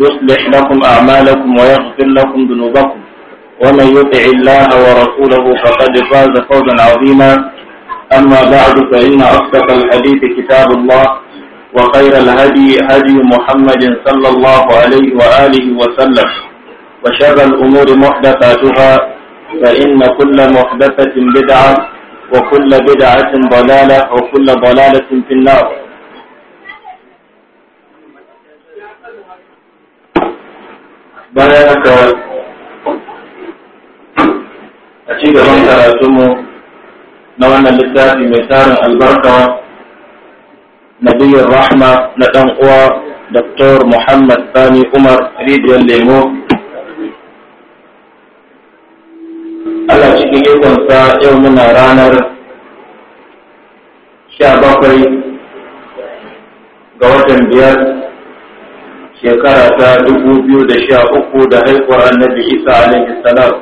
يصلح لكم أعمالكم ويغفر لكم ذنوبكم ومن يطع الله ورسوله فقد فاز فوزا عظيما أما بعد فإن أصدق الحديث كتاب الله وخير الهدي هدي محمد صلى الله عليه وآله وسلم وشر الأمور محدثاتها فإن كل محدثة بدعة وكل بدعة ضلالة وكل ضلالة في النار bayan haka a ci gaban karatunmu na wannan littafi mai tarin albarka nabiyar rahma na ɗan uwa Dr. Muhammad Sani Umar Rijiyar Lemo. Allah cikin ikonsa yau muna ranar sha bakwai ga watan biyar shekara ta dubu biyu da sha uku da haihuwar annabi isa alaihi salam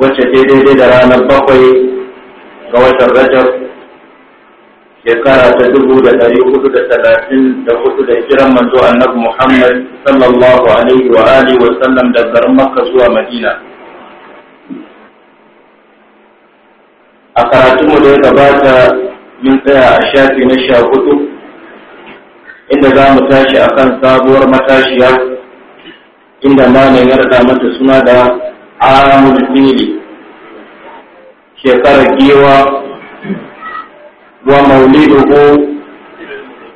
wacce ta daidai da ranar bakwai ga watan rajab shekara ta dubu da dari hudu da talatin da hudu da jiran manzo annabi muhammad sallallahu alaihi wa alihi wa sallam da garin makka zuwa madina a karatunmu da ya gabata min tsaya a shafi na sha hudu inda za mu tashi a kan sabuwar matashiya inda malam ya rada mata suna da amul fili shekarar giwa wa ko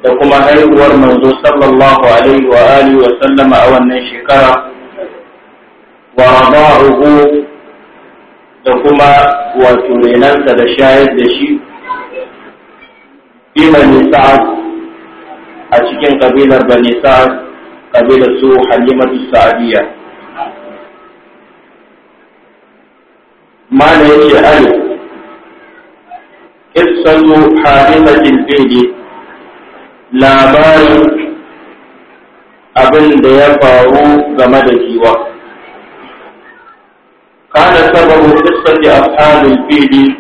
da kuma haihuwar manzo sallallahu alaihi wa alihi wa sallama a wannan shekara wa raba'uhu da kuma wato renansa da shayar da shi ne sa'a. a cikin kabilar bani sa'ad kabilar su halimatu sa'adiyya mana yace ali qissatu halimatin fili labarin abin da ya faru game da jiwa kana sababu qissati ashabil fili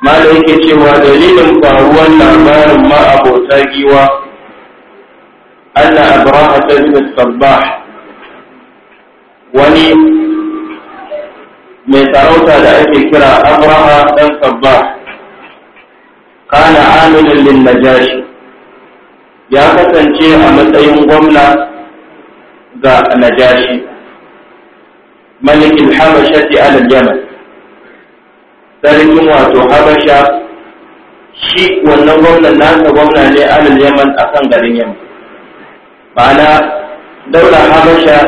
mala yake cewa dalilin faruwan labarin ma abota giwa Allah abraha tajid sabbah wani mai sarauta da ake kira abraha dan sabbah kana amilin lin najashi ya kasance a matsayin gwamna ga najashi malikin habashati alal yaman sarkin wato habasha shi wannan gwamnan nasa gwamna ne alal yaman kan garin yaman ma'ana daular habasha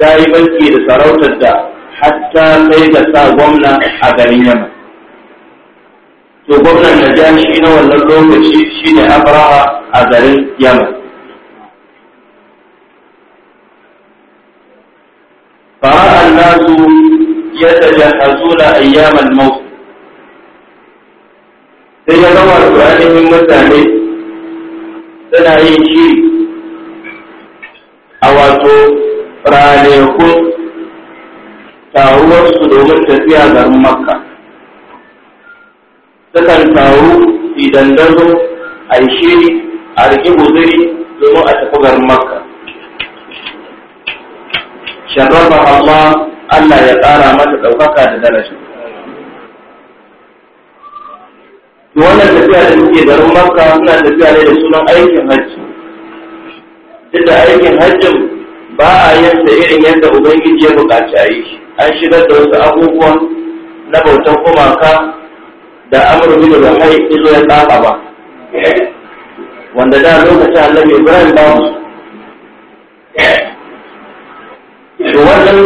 ta yi banki da sarautar da hatta kai da sa gwamna a garin yaman to gwamnan shi na wannan lokaci shine abraha a garin yaman fara annasu ya tajahazuna ayyaman maut sai ya gama su yin mutane suna yin shi a wato ranakun taruwarsu domin tafiya garin makka sukan taru idan dazo a yi a riƙi guzuri domin a tafi garin makka sharrafa Allah Allah ya ƙara mata ɗaukaka da daraja to wannan tafiya da suke garin makka suna tafiya ne da sunan aikin hajji duk aikin hajjin ba a yin da irin yadda ubangiji ya buƙaci a yi an shigar da wasu abubuwan na bautan kumaka da amurbi da bahai izo ya tsaka ba wanda da lokacin annabi ibrahim ba musu to wannan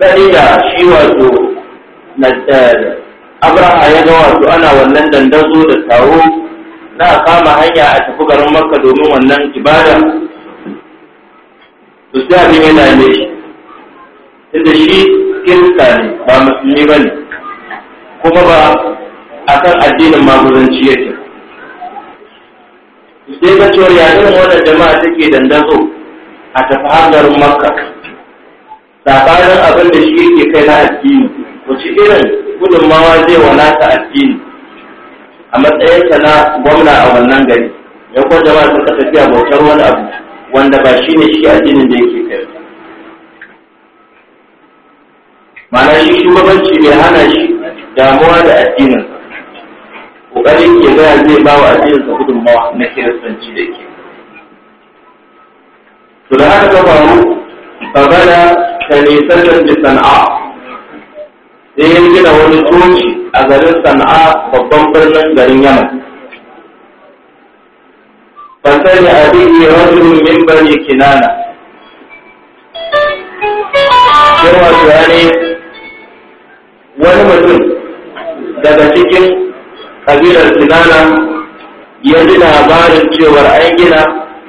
gani da shi wato na eh, abraha ya ga wato ana wannan dandazo da taro na kama hanya a tafi garin makka domin wannan ibada to sai abin yana ne, shi inda shi kirista ne ba musulmi ba ne kuma ba a kan addinin maguzanci yake sai ga cewar yayin wannan jama'a take dandazo a tafi har garin makka sabanin abin da shi yake kai na addini wace irin gudunmawa zai wadata addini a matsayinsa na gwamna a wannan gari ya kuwa jama'a suka tafiya bautar wani abu wanda ba shi ne shi addinin da yake kai ma'ana shi shugabanci bai hana shi damuwa da addinin ƙoƙarin ke gaya zai ba wa addininsa gudunmawa na kiristanci da ke to da haka ba mu ta nisan da sana'a sai ya gina wani coci a garin sana'a babban birnin garin yaman fasari a yi rajulun min bani kinana sai wato ne wani mutum daga cikin kabilar kinana ya ji labarin cewar an gina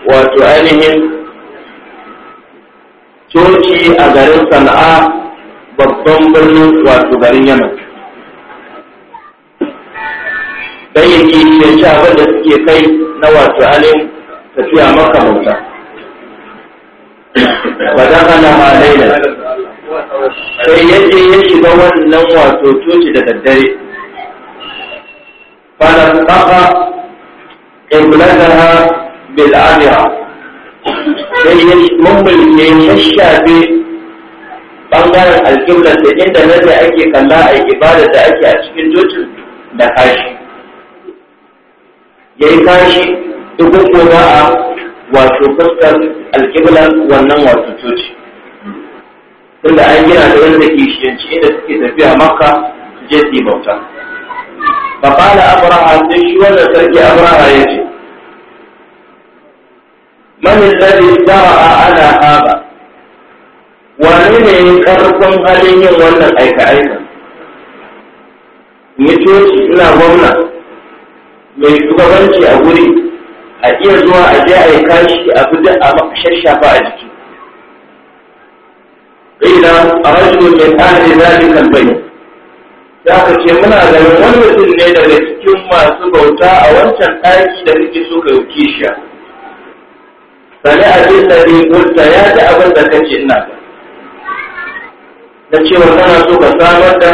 wato ainihin coci a garin sana'a babban birnin wato garin yaman ganyayyaki da ci abin da suke kai na wato alim tafiya maka bauta wadda hana ma laila sai yake ya shiga wannan wato coci da daddare fana kafa ƙirƙulataha bil'amira sai ya mummulke bangaren alƙiblar da inda nazi ake kalla a ibadar da ake a cikin jocin da kashi ya yi kashi duk ko a wato fuskar alƙiblar wannan wato coci tunda an gina da wanda ke shiyanci inda suke tafiya makka su je su yi bauta فقال أبرهة تشوال سرك أبرهة يجي من الذي جرأ ana هذا wani ne karfin halin yin wannan aika-aika mito coci ina gwamna mai shugabanci a guri a iya zuwa a je a yi kashi a bi a shashafa a jiki ƙila a rajin mai tsari zaɗi kalbai za ka ce muna ganin wani mutum ne daga cikin masu bauta a wancan ɗaki da kake so ka yi kishiya sani jin da ne ya ji abin da kake ina ba na cewa kana so ka samar da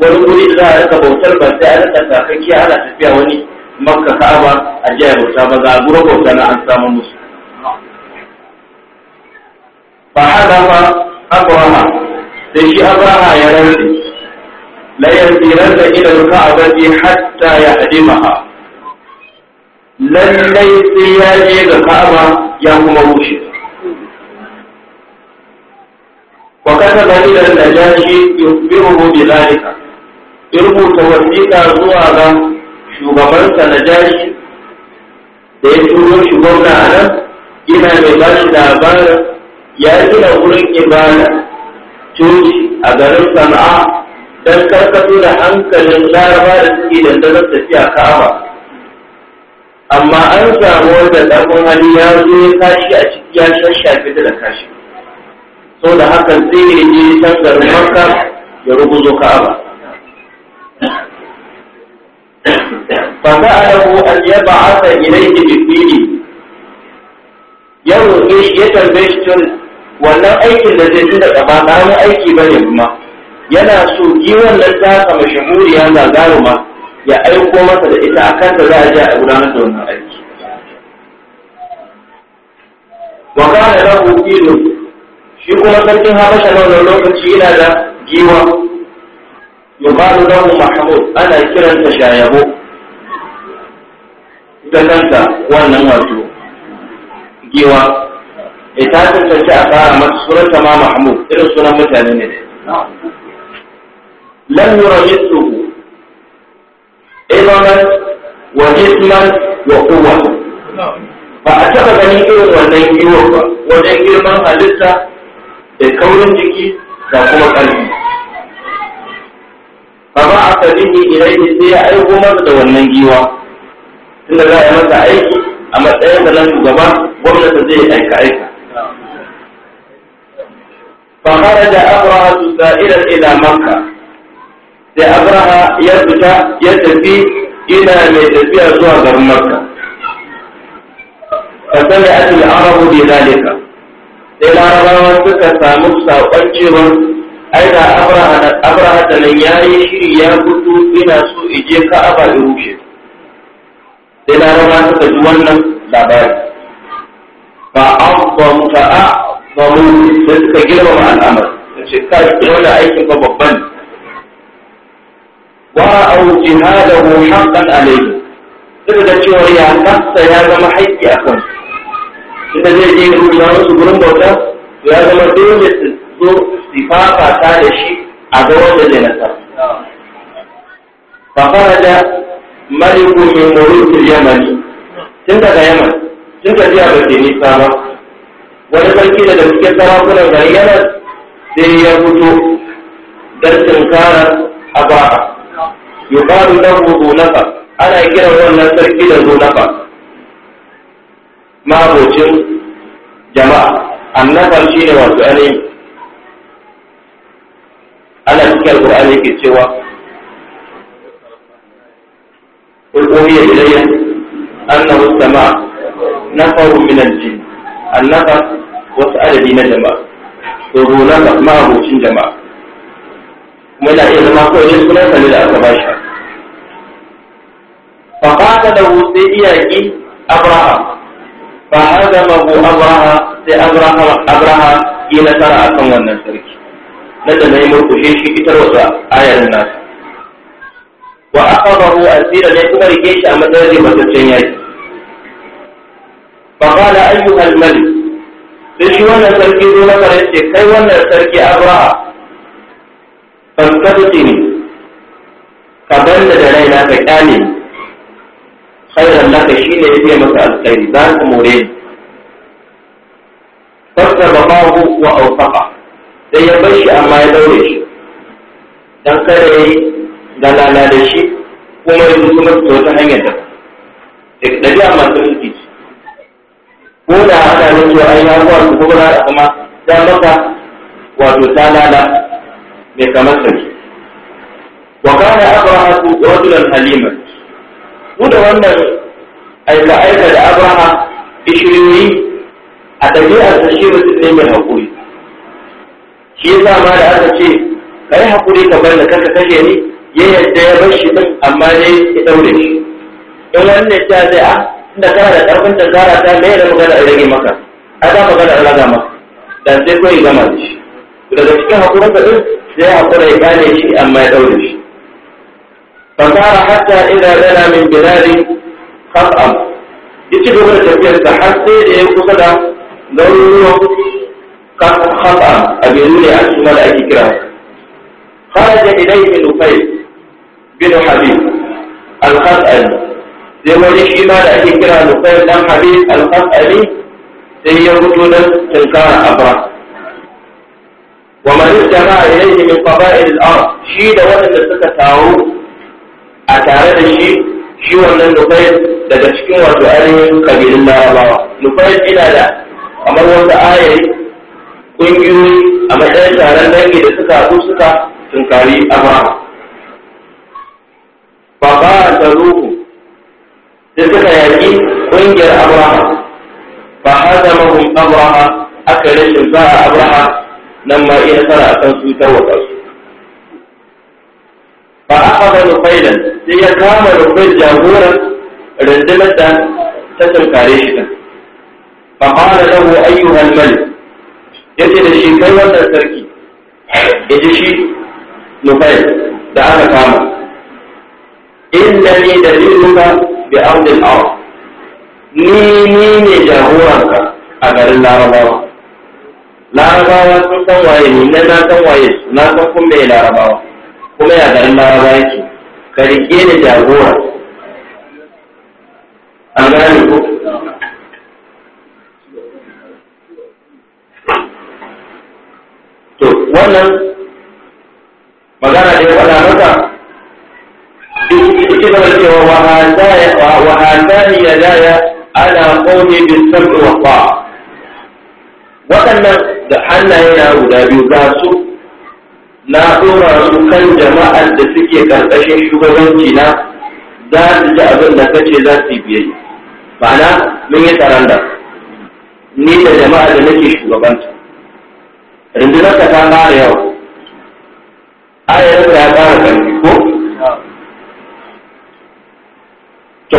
wani wuri da za a rika bautar ba sai a rika ana tafiya wani makka ka'aba a jiya bauta ba za a gura bauta na an samu musu fa hada fa abraha da shi abraha ya rantsi la yanziran da ila ka'abati hatta ya hadimaha lallai sai ya je ga ka'aba ya kuma rushe وكتب إلى النجاشي يخبره بذلك يربط وثيقة زوى shugabansa na jashi da ya turo shi gwamna anan yana mai bashi labarin ya gina wurin ibada coci a garin sana'a don karkato da hankalin laraba da suke dandanar tafiya ka'aba amma an samu wanda ɗan hali ya zo ya kashi a ciki ya shashafe da kashi so da hakan sai ya je can makka ya rubuzo ka'aba fasa'alahu an a ilayhi bi fi'li ya roƙe shi ya tarbe shi tun wannan aikin da zai tunda ba na wani aiki bane kuma yana so giwon nan ta kama shamuriya ma ya aiko masa da ita akan da za a je a gudanar da wannan aiki wa kana lahu filun shi kuma sarkin habasha na wani lokaci yana da giwa yuqalu lahu mahmud ana kiranta shayabo ita kanta wannan wato giwa ita e, ta tantance a fara mata sunanta ma mahmud irin sunan mutane ne lam yurajituhu ilman wa jisman wa quwwatan ba a taba ganin irin wannan giwa ba wajen girman halitta da kaurin jiki da kuma ƙarfi fa ba a sabihi ilaihi sai ya aiko masa da wannan giwa tunda za a masa aiki a matsayin da nan gaba gwamnati zai aika aika fa kharaja abraha sa'iran ila makka sai abraha ya fita ya tafi ina mai tafiya zuwa garin makka fa sami'at al-arabu bi dhalika sai larabawa suka samu saƙon cewa ai da abraha da nan ya yi shiri ya gudu ina so ije ka'aba ya rushe sai larabawa suka ji wannan labari a fa'azzamu da suka girmama al'amari da ce kai wani aikin ba babban wara'au jihadahu haqqan alayhi duk da cewa ya kansa ya zama haƙƙi a kansu ita zai je ya rubuta musu gurin bauta to ya zama dole su zo su fafata da shi a ga wanda zai nasa fafaraja maliku min mulukil yamani tun daga yaman tun tafiya ba ke nisa ba wani sarki daga cikin sarakunan gari yana sai ya fito don tunkarar aba'a yuqalu lahu zunafa ana kiran wannan sarki da zunafa mabocin jama'a annabar shi ne wasu ainihin ana cikin alkur'ani ke cewa ulqomiya ilayya annahu sama faru minan ji annaba wasu adadi na jama'a ga ma'abocin jama'a kuma yana iya zama kawai yin sunan sami da aka bashi fa ba da wuce iyaki abraham fa’adamahu abraha sai abraha wa abraha yi nasara akan wannan sarki na da na yi murkushe shi fitar wasu ayar nasu wa aka faru a tsira ne kuma rike shi a matsayar da matattun yaki ba ba da an yi halmari sai shi wannan sarki zo na fara kai wannan sarki abraha kan kasu ce ne ka ban da da raina ka kyale ne khairan laka shine yake maka alkhairi za ka more ni fasarrafahu wa awfaqa sai ya bar shi amma ya daure shi dan ya yi galala da shi kuma ya zuci masu ta wata hanyar da da biya masu mulki ko da ana ne cewa ai ya zuwa su kuma da kuma ta maka wato ta lala mai kamar sarki wa kana abrahu rajulan halimar mu da wannan aika-aika da abaha, ishirini a ɗabi'ar da shi mutum ne mai haƙuri shi ya ma da aka ce ka yi haƙuri ka bar da kanka kashe ni ya yadda ya bar shi ɗin amma ne ya ɗaure shi in wannan ta zai a ah, inda kana da ƙarfin da zara ta me da magana a rage maka a za magana a raga maka da sai kawai gama da shi daga cikin haƙurin ka ɗin sai haƙura ya gane shi amma ya ɗaure shi فصار حتى إذا دنا من بلاد خطأ يجب أن تبقى تحسي يقصد دوره وقصد خطأ أبي لي أسمى الأكبر خرج إليه من نفيس بن حبيب الخطأ لما يشي ما الأكبر نفيس بن حبيب الخطأ لي سيرجو نفس تلك أبرا ومن اجتمع إليه من قبائل الأرض شيد وزن السكة تعود a tare da shi shi wannan nufai daga cikin wato ainihin kabilun larabawa nufai ina da kamar wata ayayi ƙungiyoyi a matsayin taron dangi da suka haɗu suka tunkari a ba ba ta ruhu da suka yaƙi ƙungiyar abuwa ba zama mahun abuwa aka rashin ba a abraham nan ma iya nasara a kan su tarwata ba a haɗa rufailan sai ya kama rufail jagoran rundunar da ta tunkare shi kan. fa fara lahu al malik yace da shi kai wannan sarki ya ji shi nufail da aka kama innani daliluka bi ardil ard ni ni ne jagoranka a garin larabawa larabawa sun san waye ni na san waye na san kuma bai larabawa kuma ya garin laraba yake ka riƙe ni jagora an gane ko to wannan magana da ya faɗa maka ci da cewa wa hadani ya daya ana qawmi bis sabr wa waɗannan da hannaye na guda biyu ga su na ɗora su kan jama'ar da suke karkashin shugabanci na za su ji abin da kace za su yi biyayya ma'ana mun yi taranda ni da jama'a da nake shugabanta rundunar ka ta ƙara yau. ayar ta ya ƙara ƙarfi ko to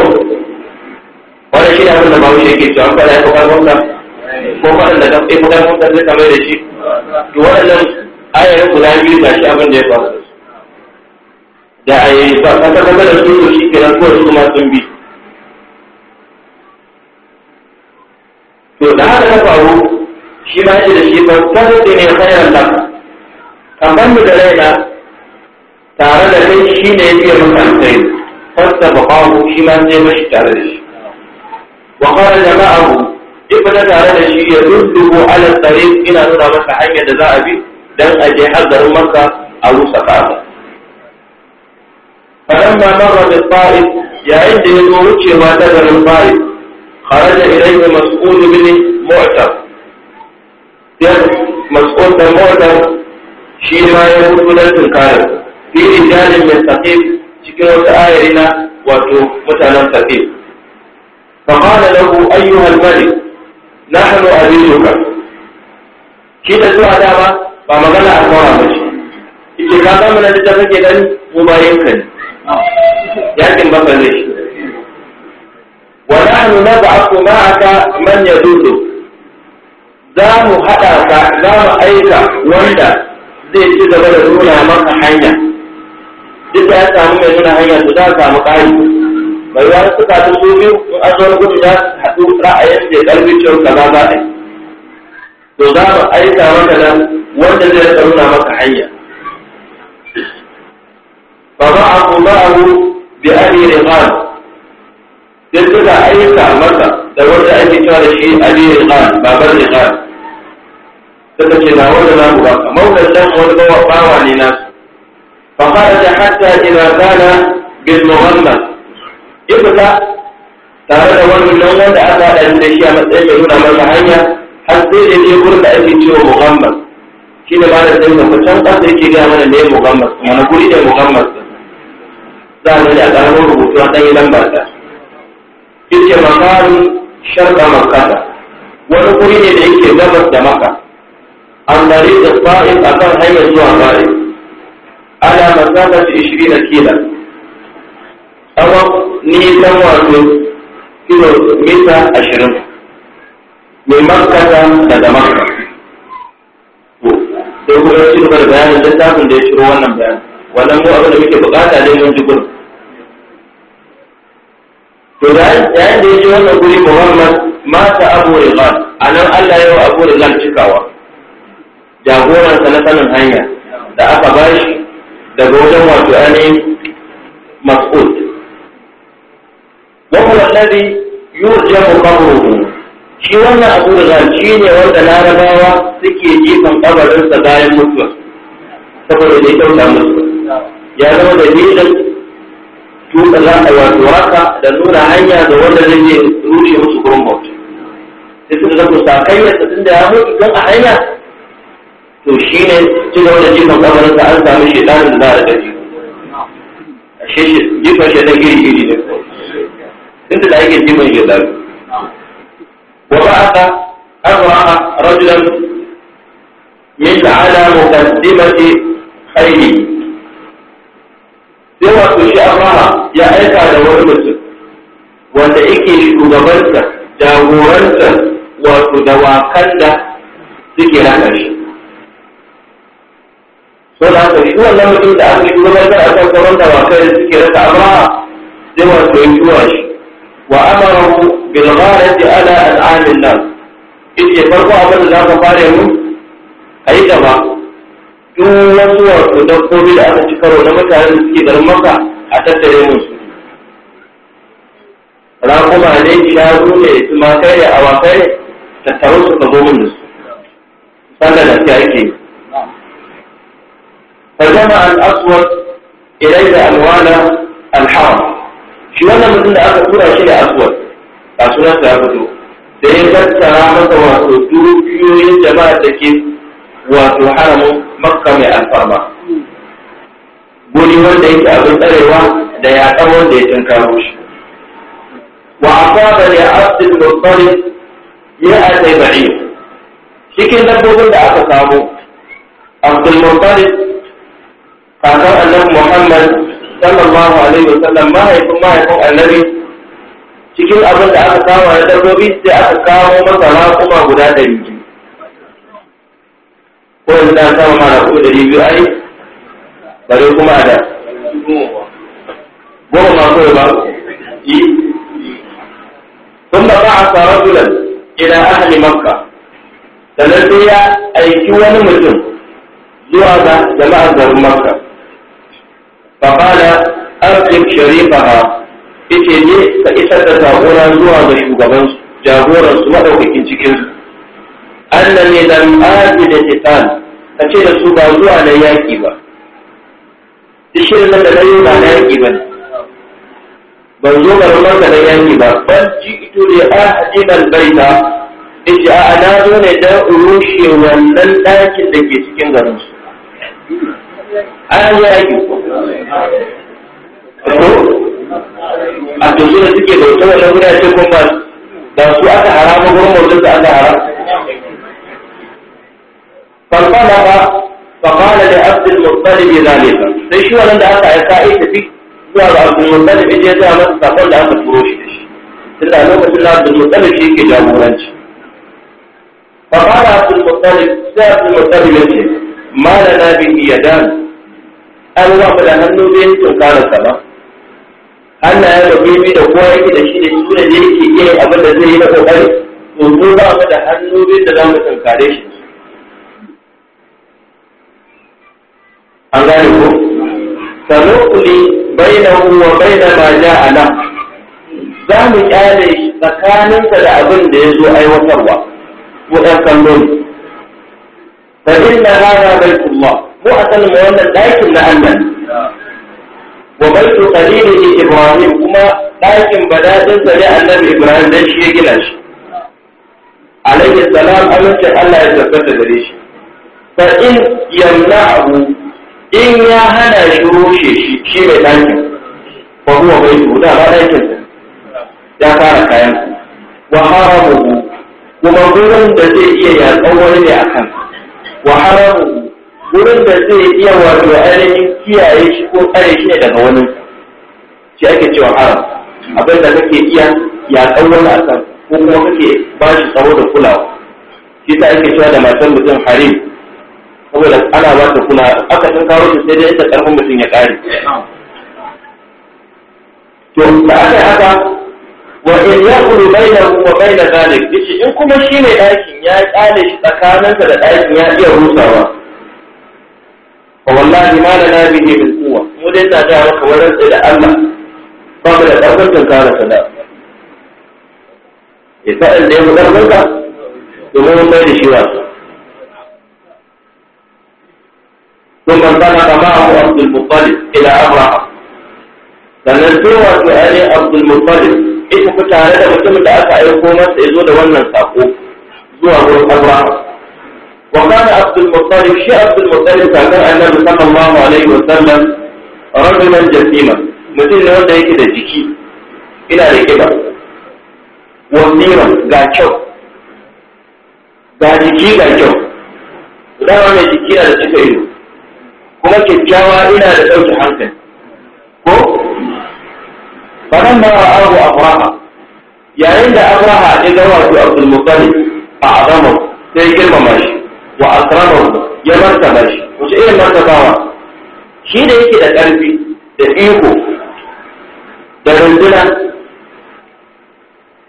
wani shi ne abin da bahaushe ke cewa kada ya fi ƙarfin ko waɗanda ta fi ƙarfin ka zai kamar da shi to waɗannan ayayen guda biyu ga shi abin da ya faru da a yi ba kasa kasa da su shi kiran ko su ma sun bi to da haka na faru shi ma shi da shi ba kasa ne hayar da kamar da na tare da kai shi ne ya fiye maka alkai fasta ba kawo shi ma sai mashi tare da shi wa kawai jama'ahu duk da tare da shi ya zurdugo ala tsare ina nuna maka hanyar da za a bi dan a je har garin Makka a rusa Ka'aba fadan ma marra da Ta'if yayin da ya zo wucewa da garin Ta'if kharaja ilayhi mas'ud bin Mu'tar. dan mas'ud da Mu'tar shi ma ya fito da tunkarin fi rijalin min Saqif cikin wata ayari na wato mutanen Saqif فقال له أيها الملك نحن أبيك كده سؤال ba? ba magana a kawara ba ce ita ka ba mana da kake dan mu ba yanka ne yakin ba shi wa nahnu nab'athu ma'aka man yadudu za mu haɗa ka za mu aika wanda zai ci gaba da nuna maka hanya duk ya samu mai nuna hanya to za a samu ƙari bai wani suka ta so biyu in an zo na gudu za su haɗu ra'ayin da ya ƙarfi cewa kaza za a yi to za mu aika wanda nan wanda zai rika nuna masa hanya fa ba'ahu ba'ahu bi abi rihan sai suka aika masa da wanda ake cewa da shi abi rihan babar rihan suka ce na wanda na mu baka maulan nan wani bawa bawa ne na fa kharaja hatta idza kana bil muhammad ibda tare da wannan wanda aka hada da shi a matsayin mai nuna masa hanya har sai da ke gurin da ake cewa muhammad shi ne ba da sai mu can kan da yake ga mana ne Muhammad mana guri da Muhammad za mu da ga gano rubutu an yi lamba ta yake makarin sharqa makkah wani guri ne da yake gabas da maka an dare da fa'i a kan hanyar zuwa bare ala masafati 20 kila tsawon nisan wato kilo mita 20 mai makka daga makka sai kuma ya ci gaba da bayanin littafin da ya ciro wannan bayanin wannan mu abin da muke bukata dai mun ji gurin Da yayin da ya ji wannan guri Muhammad mata Abu Rizal anan Allah ya wa Abu Rizal cikawa jagoran sa na sanin hanya da aka bashi daga wajen wato ainihin mas'ud wa huwa alladhi yurjamu qabruhu shi wannan abu da shi ne wanda larabawa suke jifan kabarinsa bayan mutuwa saboda ya kyauta musu ya zama da dalilin tuka za a wato haka da nuna hanya da wanda zai je rushe musu gurin bauta sai kusa zato sakayyar ta tunda ya mutu don a hanya to shi ne ci da wanda jifan kabarinsa an samu shekarun da za a gaji ashe jifan shi na giri giri ne tunda da ake jifan shi da وبعث أبرع رجلا من على مقدمة خيره sai wato shi amara ya aika da wani mutum wanda yake shugabansa jagoransa wato da wakan da suke so da haka shi wannan mutum da aka shugabantar a kan da wakan da suke rasa amara sai wato ya shi bilgharati ala al'amin nas ita farko abin da za ka fara yi a yi gaba duk wasu wato dabbobi da aka ci karo na mutanen da suke garin maka a tattare mu su raƙuma ne su ne tumakai da awakai ne tattaru su ka zo mun da su sannan da ta ake yi فجمع الأسود إليه ألوان الحرم شو أنا مثل أخذ shi شيء أسود a sunan ta fito da ya tattara masa wato dukiyoyin jama'a da ke wato haramun makka mai alfarma guri wanda yake abin tsarewa da ya yaƙar wanda ya tunkaro shi wa asaba da abdul muttalib ya yi ba'i cikin dabbobin da aka samu abdul muttalib kakar annabi muhammad sallallahu alaihi wasallam mahaifin mahaifin annabi cikin abin da aka kawo na dabbobi sai aka kawo masara kuma guda ɗari biyu ko yanzu na kawo mara ko ɗari biyu ai bare kuma a da goma ma ko ba yi sun ba ba a fara tulan ila ahli makka sannan sai ya aiki wani mutum zuwa ga jama'ar garin makka fa qala arqib sharifaha yake ne ka isar da jagora zuwa ga shugaban su jagoran su madaukakin cikin su ne lam aji da titan ka ce da su ba zuwa na yaki ba duk shirin da na yi ba na yaki ba ne ban zo garin maka na yaki ba ban ji ito da ahadin albaita yace a na zo ne don rushe wannan ɗakin da ke cikin garin su an yaki ko a tozu da suke bauta wannan gudace kun ba da su aka harama gurin bautar da aka haram فانطلق فقال لعبد المطلب ذلك sai shi wannan da aka aika ai tafi zuwa ga Abdul Muttalib je ya masa sakon da aka turo shi da shi tunda lokacin da Abdul Muttalib shi ke jagoranci fa qala Abdul Muttalib sai Abdul Muttalib ya ce ma na bi iya yadan Allah da hannu bai to karanta ba Allah ya rage ni da kowa yake da shi da shi da ne yake iya abin da zai yi na kokari to mu ba mu da hannu biyu da za mu tankare shi an gane ko sanukuli bainahu wa baina ma ja'a la za mu kyale shi tsakaninsa da abin da ya zo aiwatarwa mu ɗan kallo fa inna hadha baitullah mu asalin wannan ɗakin na Allah wa baitu qalilihi ibrahim kuma ɗakin badadin sa ne annabi ibrahim dan shi ya gina shi alayhi salam amincin Allah ya tabbata gare shi fa in yamna'u in ya hana shi rushe shi shi mai ɗakin fa huwa baitu da ba ɗakin ya fara kayan wa haramu kuma gurin da zai iya yaƙan wani ne akan wa haramu wurin da zai iya wato ainihin kiyaye shi ko tsare shi ne daga wani shi ake cewa haram abin da kake iya ya wani a kan ko kuma kake ba shi tsawo da kulawa shi ta ake cewa da matan mutum harim saboda ana ba ta kula aka san kawo shi sai dai ita karfin mutum ya kare to da aka haka wa in da kuma bai da zalik in kuma shi ne ɗakin ya kyale shi tsakaninsa da ɗakin ya iya rusawa wallahi ma lana bihi bil quwwa mu dai da ga maka wurin da Allah ba mu da karfin tunkara sada ya fa'in da ya mu ka domin mun bai da shi wasu Abdul انطلق معه عبد المطلب الى امراه sannan sai ali Abdul abdulmuttalib ita ku tare da mutumin da aka aiko masa ya zo da wannan sako zuwa gurin abraha وكان عبد المطلب شيء عبد المطلب كان النبي صلى الله عليه وسلم رجلا جسيما mutum ne wanda yake da jiki ina da kiba wasiran ga kyau ga jiki ga kyau jiki na da cika ido kuma kyakkyawa ina da ɗauke hankali ko faɗan ba abu abraha yayin da abraha ya ga wato a azamar sai girmama shi wa akramahu ya martaba shi wace irin martabawa shi da yake da ƙarfi da iko da rundunar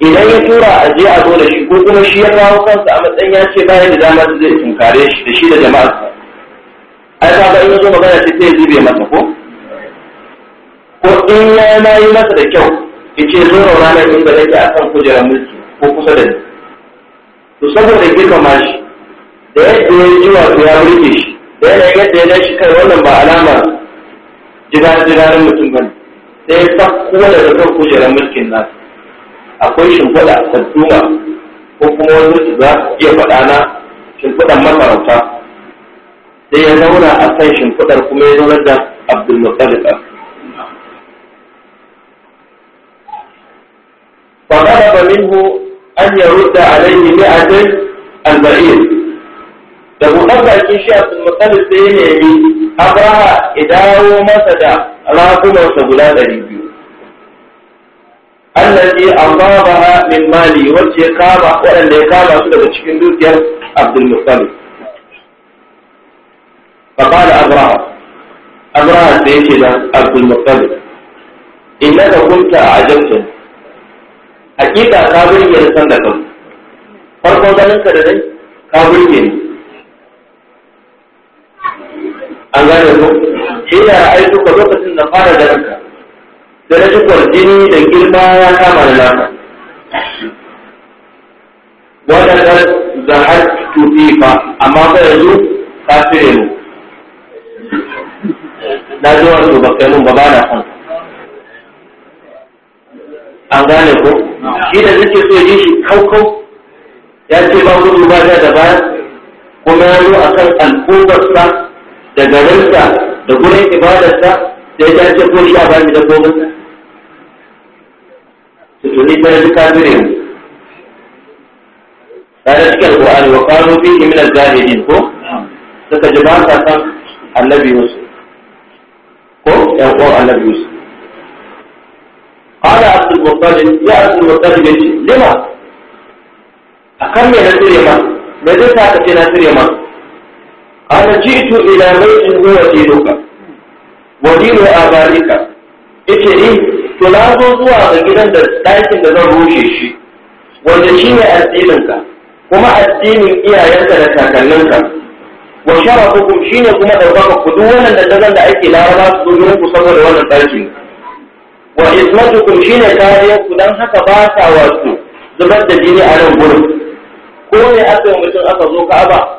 idan ya tura a je a zo da shi ko kuma shi ya kawo kansa a matsayin ya ce bayan da dama su zai tunkare shi da shi da jama'a ai ta ba in magana ce sai zube masa ko ko in ya ma yi masa da kyau ya ce zo rauna nan inda nake akan kujerar mulki ko kusa da ni to saboda girmama shi da yadda ya ji wato ya burge shi da yanayin yadda ya da shi kai wannan ba alama jiragen mutum bane sai ya kuma da zafin kujerar mulkin nasu akwai shimfiɗa ta ko kuma wani za su iya faɗa na shimfiɗan masarauta sai ya zauna a kan shimfiɗar kuma ya zaunar da abdulmuttalib a فطلب منه أن يرد عليه مئة البعير da buɗar baki shi a sun matsalar da ya yi abraha ya dawo masa da rakunarsa guda ɗari biyu allazi ambabaha min mali wacce ya kama waɗanda ya kama su daga cikin dukiyar abdul muttalib fa da abraha abraha da yake da abdul muttalib inna ka kunta ajabta hakika ka burge san da kan farkon ganin ka da dai ka burge ni an gane ko shi ya ra'ayi ka lokacin da fara ganinka da na ji kwarjini da girma ya kama da lafa Waɗannan zahar tuɗi fa amma ba yanzu ka fire mu na zo wasu ba kai mun ba ba na son an gane ko shi da nake so yi shi kaukau ya ce ba gudu ba da ba kuma ya zo a kan al'ummar sa da garinsa da gurin ibadarsa sai ta ce ko sha bani da gobinsa su tuni ta yi kafirin tare cikin alƙur'ani wa kano bi min al-zahidin ko suka ji ba sa san annabi Yusuf ko ƴan uwan annabi Yusuf قال عبد المطلب يا عبد المطلب لما أكمل نسير ta ماذا ساعة نسير ma? ana jitu ila baitin huwa dinuka wa dinu abarika yace ni to na zuwa ga gidan da ɗakin da zan rushe shi wanda shi addininka kuma addinin iyayenka da kakanninka wa sharafukum shine kuma ɗaukaka ku duk wannan dandazon da ake laraba su zo ku saboda wannan ɗakin wa ismatukum shine kariyar ku dan haka ba sa wato zubar da jini a nan gurin ko ne aka mutum aka zo ka'aba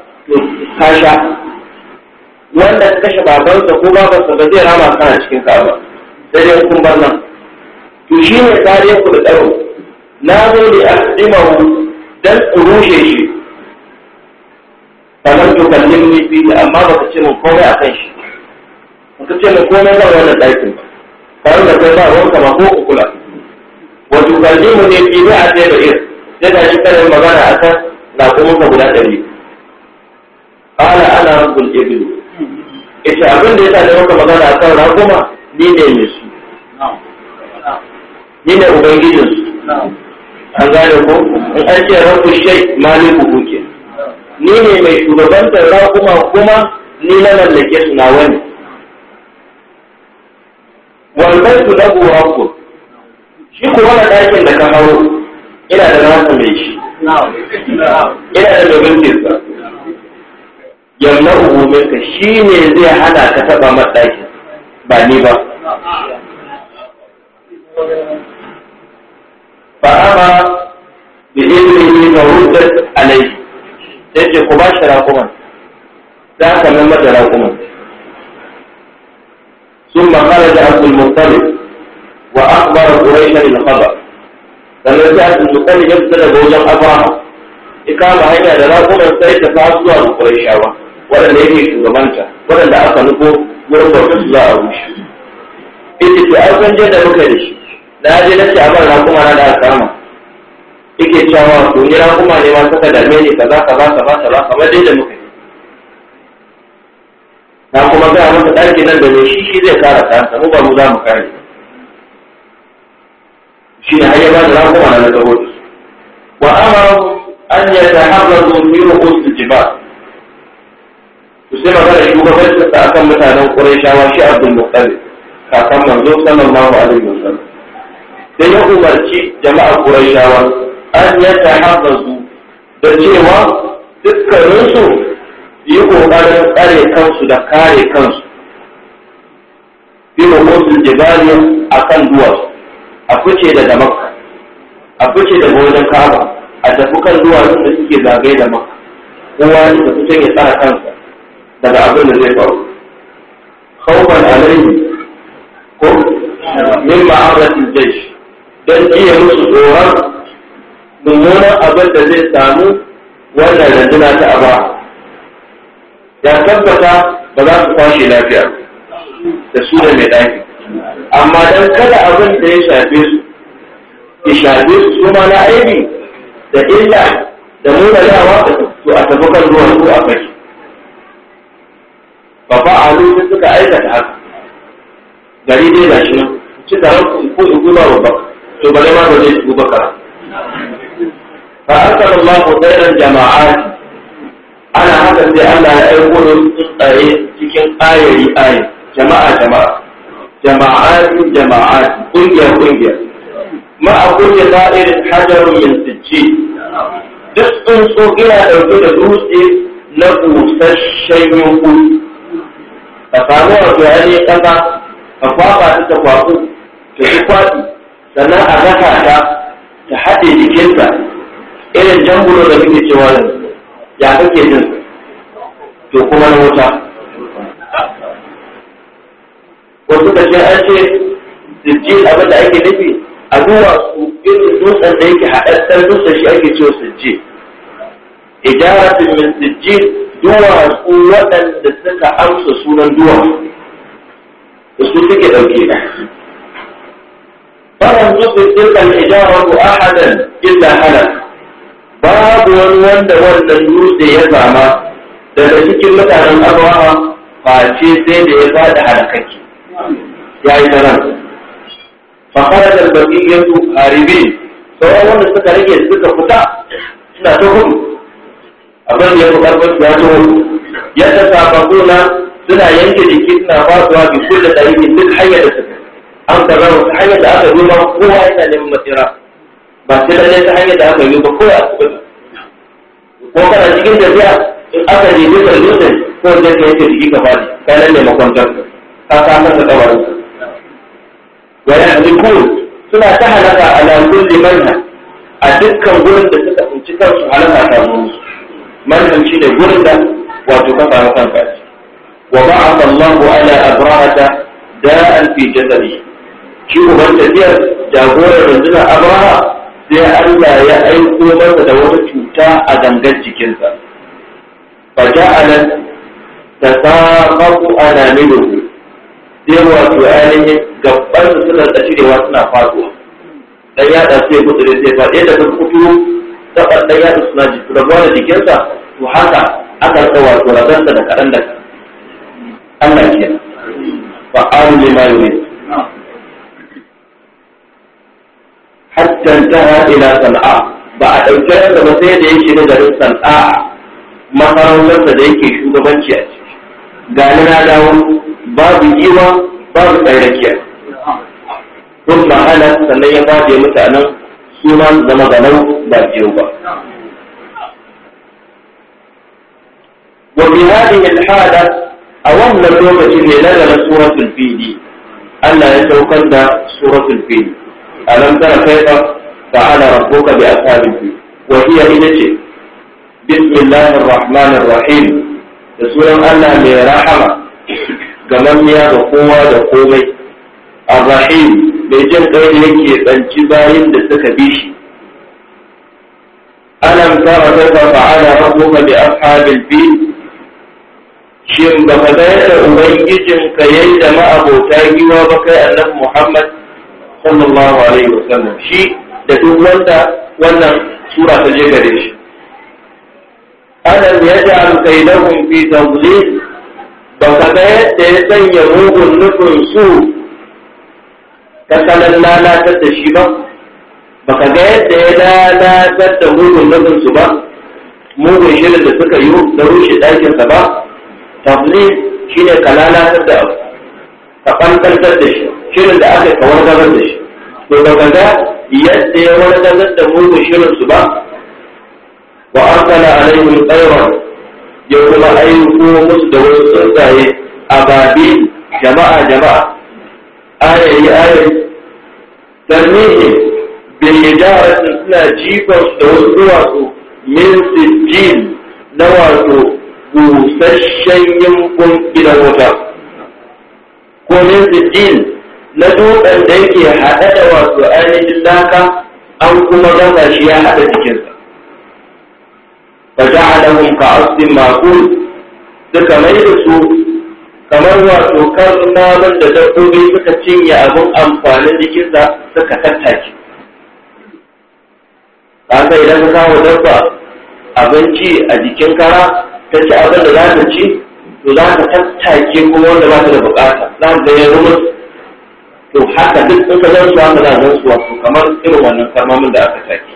kasha wanda ka kashe babansa ko babansa ba zai rama kana cikin kaba sai dai kun bar nan to shi ne tare ku da tsaro na zo ne a mu dan rushe shi kamar to kallin ne fi amma ba ka ce mun komai a kan shi ba ka ce mun komai ba wannan ɗakin ba da kai ba wanka kama ko kula. wato kallin ne fi ba a tsaye da irin sai da shi kare magana a kan na kuma guda ɗari qala ana rubul ibnu ita abin da yasa da maka magana kan raguma ni ne mai su ni ne ubangijin su an gane ko in an ce rabbul shay maliku kuke ni ne mai shugabantar raguma kuma ni na mallake su na wani walbaitu lahu rabbun shi kuma na ɗakin da ka hawo ina da nasa mai shi ina da domin sa yamna'uhu minka shine zai hana ka taba matsayi ba ni ba ba ba da ilmihi ga ruddat alai sai ce ku ba shi raƙuman za ka nan mata raƙuman sun ba makara da abdul muttalib wa akbar quraishan al khabar sannan sai abdul muttalib ya fita daga wajen abraham ikama kama hanya da raƙuman sai ta fasuwa ga quraishawa waɗanda yake shugabanta waɗanda aka nufo wurin bautar su za a rushe ita ce an san da muka da shi na je na ce abar na kuma na da alƙama yake cewa to ni na kuma ne ma saka dame ne kaza kaza kaza kaza kamar dai da muka yi. na kuma ga masa ɗaki nan da ne shi shi zai kara kansa mu ba mu za mu kare shi ne har ba da na kuma na da tsawo wa amara an yataharrazu fi ru'us su jibal to sai magana shugabancin sa akan mutanen Qurayshawa shi Abdul Muttalib kakan manzo sallallahu alaihi wasallam sai ya umarci jama'a Qurayshawa an ya tahaffazu da cewa dukkanin su yi kokarin tsare kansu da kare kansu Bima hukumul jibali akan duwatsu a kuce da Makka a kuce da gonan Ka'aba a tafi kan duwatsun da suke zagaye da Makka kowa ya kusan ya tsara kansa daga abin da zai faru khawfan alayhi ko min ma'aratin jaysh dan iya musu tsoron mummunan abin da zai samu wannan rajina ta aba ya tabbata ba za su kwashe lafiya da su da mai ɗaki amma dan kada abin da ya shafe su ya shafe su kuma na aibi da illa da nuna yawa to a tafi kan ruwan ko a kai ba ba a lokacin suka aikata haka gari dai da shi nan ci da ranku ko in guba ba to bare ma ba zai shigo ba kara fa arsala Allah khairan jama'ati ana haka sai Allah ya aiko da tsuntsaye cikin ayari ayi jama'a jama'a jama'atin jama'ati kungiya kungiya ma a kungiya da'irin hajarun min sijji duk tsuntsu ina dauke da dutse na busasshen yankuri ka wa ya ainihin ƙasa ta ta kwaku ta ci kwaɗi sannan a gasa ta ta haɗe jikinta irin jambulo da muke cewa da ya kake jin to kuma na wuta wasu da ce an ce sijjin abin da ake nufi a zuwa su irin dutsen da yake haɗaɗɗen dutsen shi ake cewa sijjin ijaratin min sijjin duwatsu waɗanda suka amsa sunan duwan, su suke ɗauke da Baran zuɓi tilkan ijaratu ahadan illa halak babu wani wanda wannan dutse ya zama daga cikin mutanen abawa face sai da ya da halakaki ya yi tarar fakarar da baƙi yanzu haribin sauran wanda suka rage suka fita suna ta hudu. abin da ya fi karfin ya zo yadda sababuna suna yanke jiki suna ba su wa bi kulle tarihi duk hanyar da suka an ka zama ta hanyar da aka duba kowa yana neman matsira ba sai lalle ta hanyar da aka yi ba kowa a cikin ko kana cikin tafiya in aka je duka dutsen ko da ka yanke jiki ka bani ka nan ne makwantar ka ka san da kabarin wa ya hadiku suna ta halaka ala kulli manha a dukkan gurin da suka tsinci kansu halaka ta musu marham shi ne gurin da wato ka samu kanka wa ba Allahu ala abrahata da'an fi jasadi shi uban tafiyar jagorar rundunar abraha sai Allah ya aiko masa da wata cuta a gangar jikinsa fa ja'alat tasaqatu anamiluhu sai wato ainihin gabban su suna tsirewa suna faduwa dan yada sai gudure sai fa da kuma kutu ta ɗan yada suna rabuwa da jikinsa to haka aka rika wato rabarsa da kaɗan da Allah ke wa alu ma yurid hatta taha ila sal'a ba a dauke da ba sai da yake shiga garin sal'a makarantar da yake shugabanci a ciki gani na dawo babu jiwa babu tsairakiya kun ma'ana sannan ya ba mutanen sunan zama ganau ba jiyo ba وبهذه الحالة أولا لوكة لنزل سورة الفيل ألا يتوكل سورة الفيل ألم تر كيف فعل ربك بأصحاب الفيل وهي إلتي بسم الله الرحمن الرحيم سورة ألا من رحمة gamammiya ga kowa da komai arrahim mai jin ɗaya yake tsanci bayan da suka bi shi alam tara kaifa fa'ala rabbuka bi ashabil fil shin ba ka ga yadda ubangijin ka yayi da ma'abota giwa ba kai annabi Muhammad sallallahu alaihi wasallam shi da duk wanda wannan sura ta je gare shi alam yaj'al kaydahum fi tadlil ba ka ga yadda ya sanya mugun nufin su ta kalan lalatar da shi ba ba ka ga yadda ya lalatar da mugun nufin su ba mugun shirin da suka yi da rushe ɗakinsa ba tablis shine ka lalatar da abu ka fantantar da shi shirin da aka ka wargazar da shi to ba ga yadda ya wani da mugun shirin su ba wa arsala alaihi tsayran ya kuma aiko musu da wasu tsuntsaye ababil jama'a jama'a ayayi ayayi tarmihi bil hijaratin suna jifan da wasu duwatsu min sijjin na wato busasshen yankun gidan wuta ko min sijil na dutsen da yake haɗe da wasu ainihin laka an kuma gaza shi ya haɗa jikinsa fa ja'alahum ka asfin ma'kul suka mai da su kamar wato kan naman da dabbobi suka cinye abin amfanin jikinsa suka tattace sai idan ka kawo dabba abinci a jikin kara ta ce abin da za ta ci to za ta tattake kuma wanda ba ta da bukata za ta da yanzu to haka duk in ka suwa su haka za zan su kamar irin wannan karmamin da aka take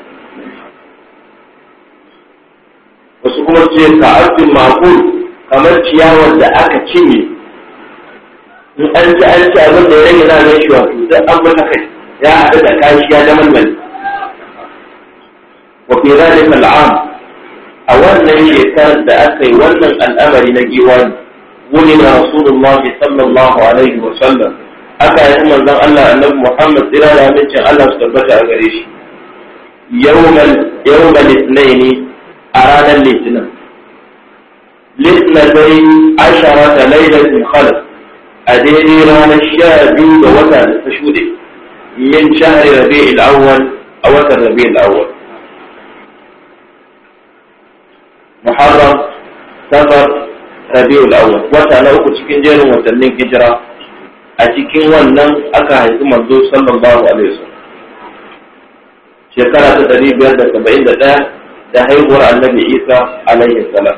wasu kuma su ce ka arzikin makul kamar ciyawar da aka cinye in an ci an ci abin da ya rage za a to wato duk an mata kai ya haɗu da kashi ya da malmali wa fi zalika al'am a wannan shekarar da aka yi wannan al'amari na giwani wani na rasulullahi sallallahu alaihi wa sallam aka yi manzon Allah annabi Muhammad tsira da amincin Allah su tabbata a gare shi yawmal yawmal ne a ranar litinin dai ashara da lailatul khalq a daidai ranar sha biyu ga wata da ta shuɗe min shahri rabi'ul awwal a watan rabi'il awwal muharram safar rabi'ul awwal wata na uku cikin jerin watannin hijira a cikin wannan aka haifi manzo sallallahu alaihi wasallam shekara ta dari biyar da saba'in da ɗaya da haihuwar annabi isa alaihi salam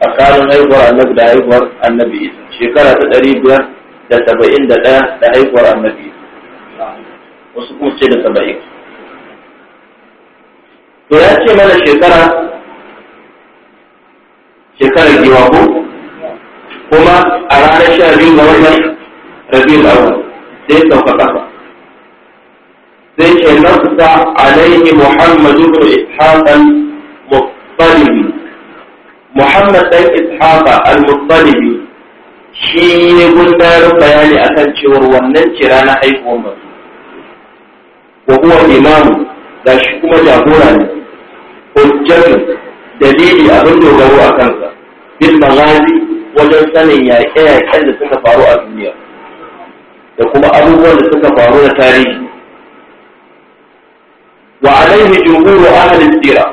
tsakanin haihuwar annabi da haihuwar annabi isa shekara ta dari biyar da saba'in da ɗaya da haihuwar annabi isa wasu kuma ce da saba'in to ya ce mana shekara shekarar giwa ko kuma a ranar sha biyu ga watan rabiul awwal sai sauka kafa sai ce nafsa alaihi muhammad ibn ishaq al-muttalibi muhammad dan ishaq al-muttalibi shi ne gundarin bayani akan cewar wannan ce na haihuwar mutum wa huwa imamu shi kuma jagora ne hujjatu dalili abin dogaro a kansa Bin maghazi wajen sanin yaƙe-yaƙen da suka faru a duniya da kuma abubuwan da suka faru na tarihi wa alaihi jumhuru tsira. sira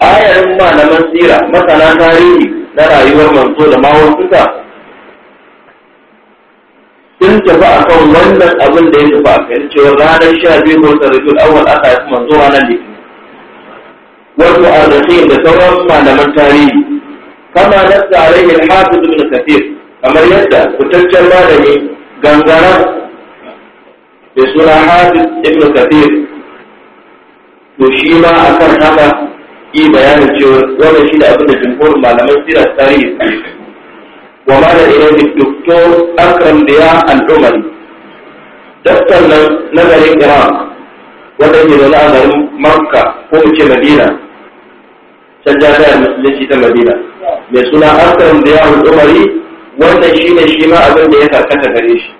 ayarin malaman sira masana tarihi na rayuwar manzo da mawansuka sun tafi a kan wannan abin da ya tafi a kan cewa ranar sha biyu ko watan rabiul aka yi manzo ranar litinin wasu arzikin da sauran malaman tarihi kama na alaihi al-hafiz ibn kamar yadda fitaccen malami gangara da suna hafi ibn kathir to shi ma akan haka yi bayanin cewa wannan shi da abin da jimhurin malaman sirar tarihi wa ma da irin doktor akram da ya al'umari daftar nan na garin wanda ke da a makka ko mu madina ta jami'ar musulunci ta madina mai suna askarin da yawon umari wannan shi ne shi ma abin da ya karkata gare shi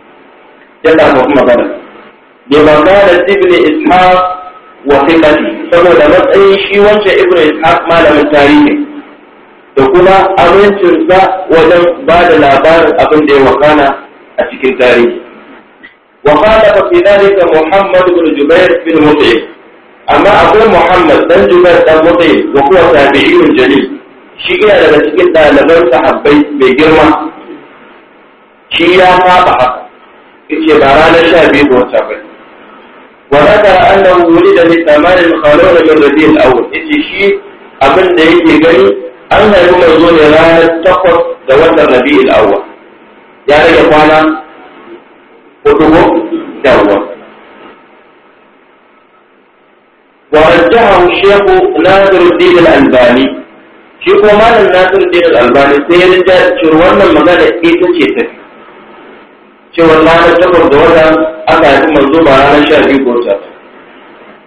ya samu kuma gana bai magana ibn ishaq wa fiqati saboda matsayin shi wancan ibn ishaq malamin tarihi da kuma abincinsa wajen ba da labarin abin da ya wakana a cikin tarihi وخالف في ذلك محمد بن جبير بن مطعم akwai Muhammad dan Jubair dan Mutsi wa kuwa tabi'in jalil shi yana daga cikin ɗaliban sahabbai mai girma shi ya saba haka yace ba ranar sha biyu ga wata bai wa zakara annahu wulida li thamanin khalawna min rabi'il awwal yace shi abin da yake gani an haifi manzo ne ranar takwas da watan rabi'il awwal ya rage kwana hudu ko yawwa ورجحه الشيخ ناصر الدين الألباني shi ko malam nasir din albani sai ya rinja cewa wannan magana ita ce ta cewa ranar takwas da wata aka yi manzo ranar sha biyu ko ta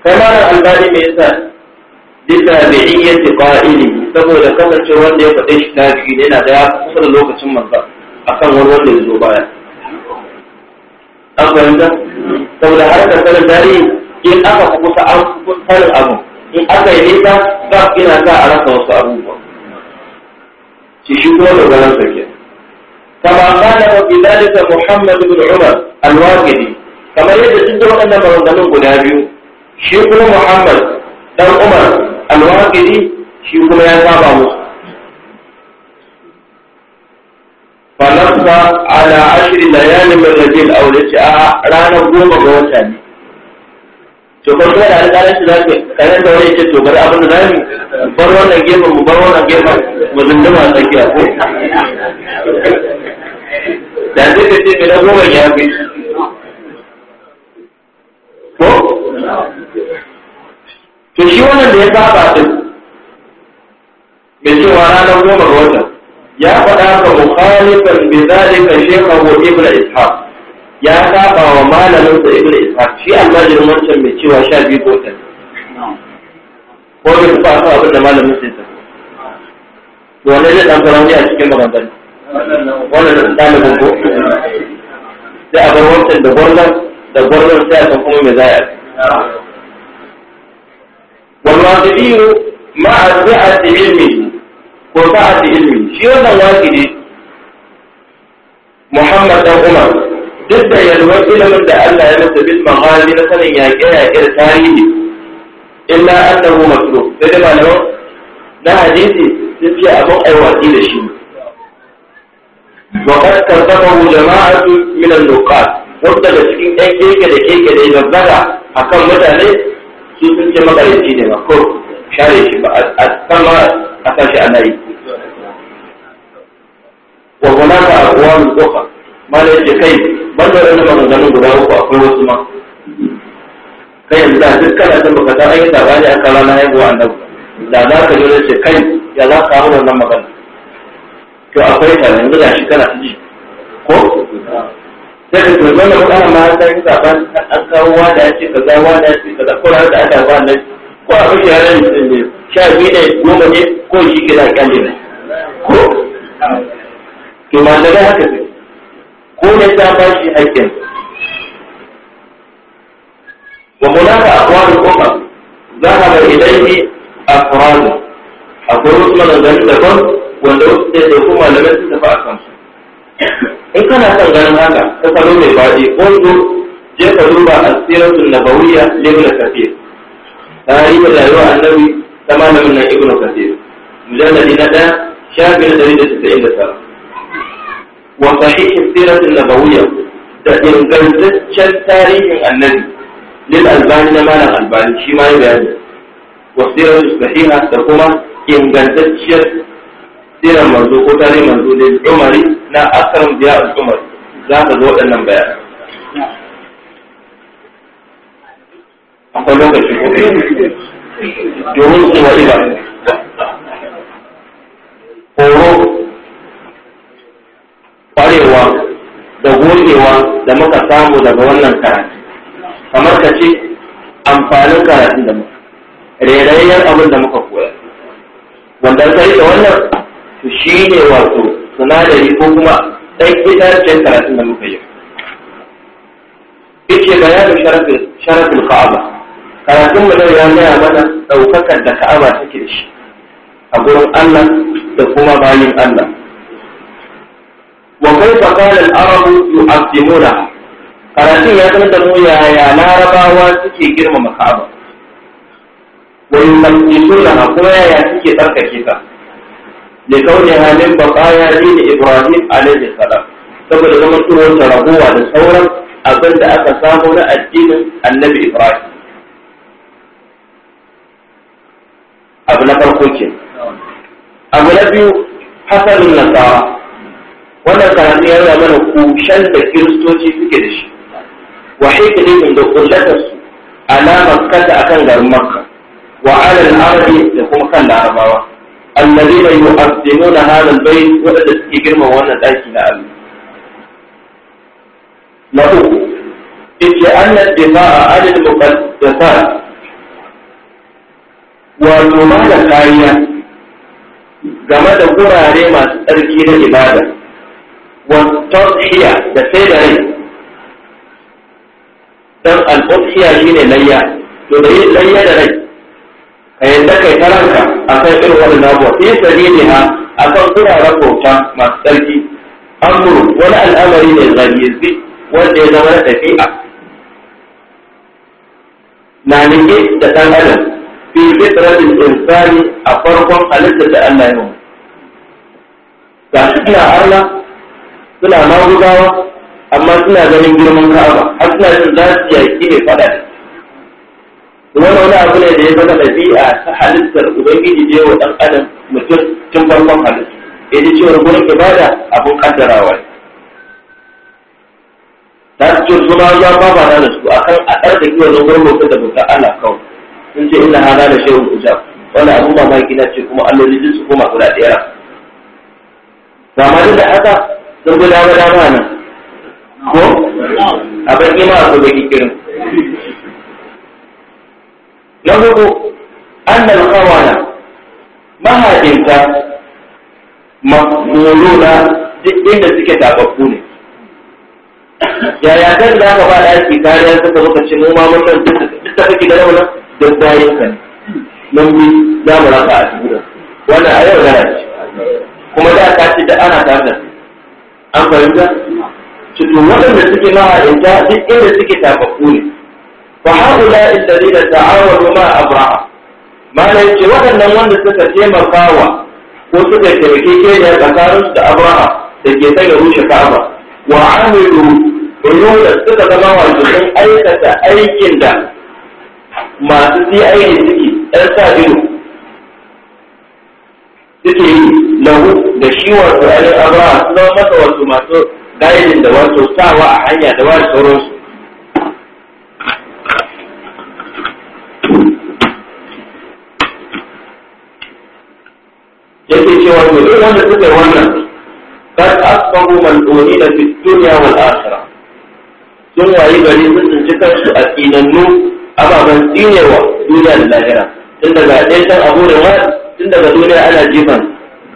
kai malam albani me yasa bisa bi iyyati qa'ili saboda kasance wanda ya faɗe shi tabi'i ne yana da ya kusa da lokacin manzo da wani wanda ya zo baya an fahimta harkar sanin tarihi in aka kusa an tsarin abu in aka yi nisa za ina za a rasa wasu abubuwa shi shi kuma da ganin sarki kama kana wa bidalika muhammadu bin umar al kamar yadda duk da waɗannan maganganun guda biyu shi kuma muhammad dan umar al shi kuma ya saba musu فنص على عشر ليال من رجل أو لشعاء رانا قوم بوتاني to ko da alƙalin su zai kare da wani ce to bari abin da zamu bar wannan gefen mu bar wannan gefen mu zunduma tsakiya ko da zai ka ce na goma ya fi ko to shi wannan da ya saba din mai cewa ranar goma ga wata ya faɗa ka mukhalifan bi zalika shekaru ibnu ishaq ya saba wa malamin da ibnu ishaq shi almajirin wancan mai cewa sha biyu ko ta ko da kuka su abin da malamin sai ta to wannan zai dan fara a cikin maganganu wannan da dalibin ko sai a bar wancan da gwarzan da gwarzan sai a san kuma me za a yi والواقدين ko سعة علمه وسعة ilmi shi wannan واقدي Muhammadu بن عمر duk da yalwar ilimin da Allah ya masa bil maghali na sanin yaƙe yaƙe da tarihi illa annahu makruh sai da malaman na hadisi sun ce abin aiwatsi da shi wa qad tartabahu jama'atu min an-nuqat wanda da cikin ɗan keke da keke da a kan mutane su sun ce makarici ne ma. ko share shi ba a sama a sashi ana yi wa kuwa mu ukhra malai yake kai ban da wani maganganun guda uku akwai wasu ma kai yanzu da dukkan abin baka san ayyuka ba ne aka rana haihuwa annabi da za ka yi ce kai ya za ka haɗa wannan magana to akwai ta yanzu da shi kana ji ko sai ka tuzo da kana ma ta yi zaɓa an kawo da ya ce ka za wada ya ce ka za kura da aka ba annabi ko a kashe ne sha biyu ne goma ne ko shi ke da kalle ne ko ke ma da haka ne ko ne ta ba shi haƙƙin wa mulaka a umma zahaba ilayhi afrad akwai wasu maganganun daban wanda wasu da da kuma malamai su tafi a su in kana kan ganin haka ta salo mai baɗi ko je ka duba asiratul nabawiyya libn kathir tarihi da rayuwar annabi ta malamin na ibnu kathir mujalladi na ɗaya shafi na ɗari da casa'in da tara وصحيح السيرة النبوية ده ينجزتش تاريخ النبي للألبان ما لها ألبان شما يبادل والسيرة الصحيحة تقوم ينجزتش سيرة مرزوك وتاري مرزوك للعمر نا أكثر مضياء العمر ذات الوضع النبياء أقولوك الشكوكين جروس وإبا kwarewa da gogewa da muka samu daga wannan karatu kamar ka ce amfanin karatun da muka rairayen abin da muka koya wanda sai da wannan to shi ne wato sinadari ko kuma ɗan itacen karatun da muka yi yake bayanin sharafin ka'aba karatun mu ya gaya mana ɗaukakar da ka'aba take da shi a gurin Allah da kuma bayin Allah wa kai fa kana al-arabu yu'azzimuna karatun ya san da mu yaya larabawa suke girmama ka'aba wa yunaqqisuna kuma yaya suke tsarkake ta da kaune halin baqaya din Ibrahim alaihi salam saboda zama tuwon ragowa da sauran abin da aka samu na addinin Annabi Ibrahim abu na farko ke abu na biyu hasanin nasara wannan karatu ya nuna mana kushen da kiristoci suke da shi wa hikilihim da su alamar kasa akan garin makka wa alal arabi da kuma kan larabawa allazina na halin bai wadanda suke girma wannan daki na Allah na uku yace annad difa'a adad muqaddasat wato da kariya game da wurare masu tsarki na ibada والتضحية ده سيدة dan shi shine layya to da yin layya da rai ka yadda kai karanka a kai irin wannan abuwa fi sabiliha a kan guraren bauta masu tsarki amuru wani al'amari ne zalizi wanda ya zama na ɗabi'a na nike da ɗan adam fi fitratin insani a farkon halittar da Allah ya yi ga shi ina Allah suna maguzawa amma suna ganin girman ka'aba har suna jin za su yaki ne fada da wani wani abu ne da ya zama ɗabi'a ta halittar ubangiji da yawa ɗan adam mutum tun farkon halittu, ya ji cewar gurin ibada abun kaddarawa ne ta ce su ma ya ba ba da su akan a ɗar da kiwon gurin lokacin da mutum Allah kawai sun ce ina hana da shehu ujab wani abun mamaki na ce kuma alloli su koma guda ɗaya. Zamanin da haka sun guda ba dama nan ko a baki ma ko da kikirin na hudu annal kawana mahajinta mahmuluna duk inda suke tababbu ne yaya kan da aka ba ɗaki kariya suka muka ce mu ma mun duk da kake da rauna duk bayan ka nan mu za mu raka a cikin wannan a yau da kuma da ka tashi da ana tare an fahimta to waɗanda suke maha'inta duk inda suke tafafu ne fa haula alladhina ta'awanu ma abraha malai ce waɗannan wanda suka taimakawa ko suka taimake da tsakanin da abraha da ke sanya rushe kaba wa amilu da suka zama wa sun aikata aikin da masu aiki suke ɗan sa ido suke yi lahu da shi wato ainihin abuwa su zama masa wato masu gaidin da wato sawa a hanya da wani su. yake cewa to duk wanda suka yi wannan kad asbahu mal'unina da dunya wal akhirah sun wayi gari sun tsinci kansu a tsinannu ababen tsinewa duniya da lahira tun daga ɗaya abu da wani tun daga duniya ana jifan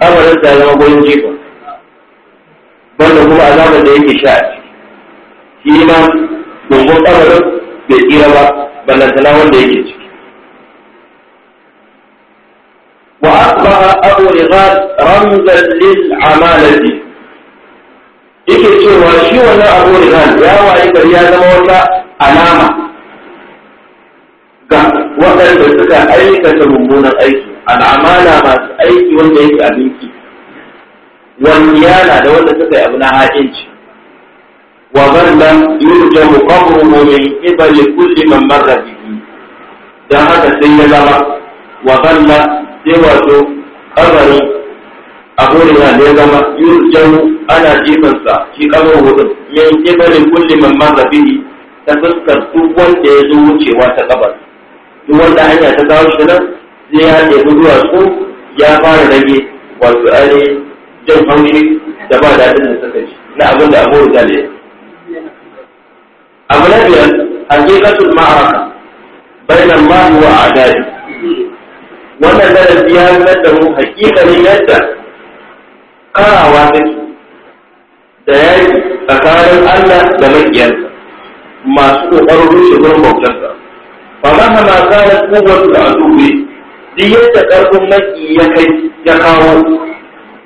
kamarin sa zama goyon jifa wanda kuma azabar da yake sha shi ma domin kamarin bai tsira ba ballantana wanda yake ciki wa asbaha abu rigar ramzan lil amalati yake cewa shi wannan abu rigar ya waye gari ya zama wata alama ga waɗanda suka aikata mummunan aiki al'amana masu aiki wanda yake abinci yana da wanda suka yi abu na hajjinci wa barlan mu qabruhu min qibali kulli man marra bihi dan haka sai ya zama wa barla sai wato kabarin abu da ya zama yurjamu ana jifansa shi kabarin hudun min qibali kulli man marra bihi ta fuskar duk wanda ya zo wucewa ta kabar duk wanda hanya ta kawo shi nan sai ya ɗebi su ya fara rage wasu ainihin jan haushi da ba daɗin da suka sakaci na abin da abu da ne abu na biyar bai ma'araka bainan mahu wa adari wannan darasi ya sanar da mu hakikanin yadda karawa ke, da ya yi tsakanin Allah da makiyarsa. masu ƙoƙarin rushe gurin bautarsa fa mahama da a aduwwi duk yadda ƙarfin maki ya kai ya kawo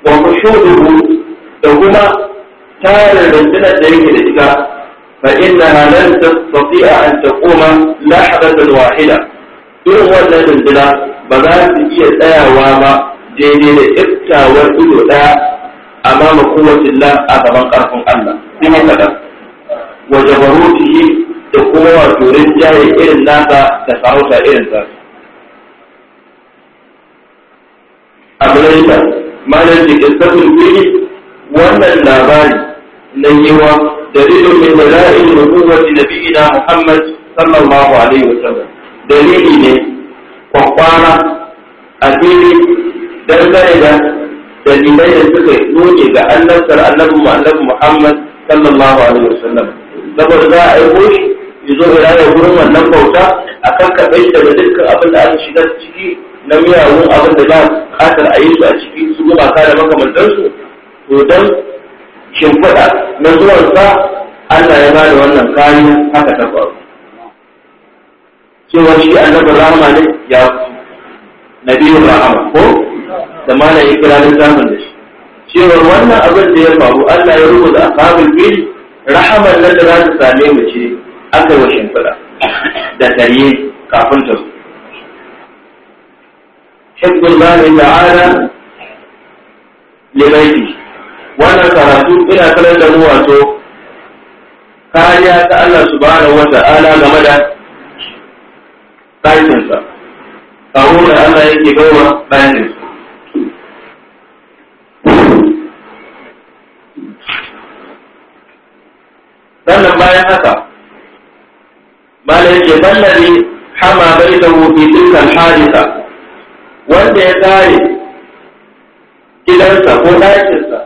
wa kushuduhu da kuma tarin rundunar da yake da ita fa inna lan a an taquma lahadatan wahida irin wannan runduna ba za su iya tsayawa ba daidai da iftawar ido daya amama kowace la a gaban ƙarfin Allah sun yi kaɗan wa jabarutihi da kuma wato rinjaye irin nasa da sarauta irin sa abinanta malar da kistatun fili wannan labari na yiwa dalilin min da nubuwati ina Muhammad sallallahu alaihi sallam dalili ne kwakwara a fili dangane da dalilai da suka noke ga annabtar annabi annabi Muhammad sallallahu alaihi sallam saboda za a yi shi yi zo ya raya gurin wannan bauta a kan kaɓe da dukkan abin da aka shiga ciki na miyagun abin da za a kasar a yi su a ciki su gumaka da makamantarsu to don shimfiɗa na zuwansa Allah ya ba da wannan kayan haka ta faru cewa shi annabi rahama ne ya biyu rahama ko da mana ya kira da zamun da shi cewa wannan abin da ya faru Allah ya rubuta ashabul fil rahaman nan da za ta same mu ce aka yi wa shimfiɗa da tare kafin ta zo حفظ الله تعالى لبيتي وانا karatu ina kalar da mu wato kariya ta Allah subhanahu wa ta'ala game da ɗakinsa kawo Allah yake gawa ɗakinsa sannan bayan haka malai ke ballari hama bai da wufi dukkan harisa wanda ya tsare gidansa ko ɗakinsa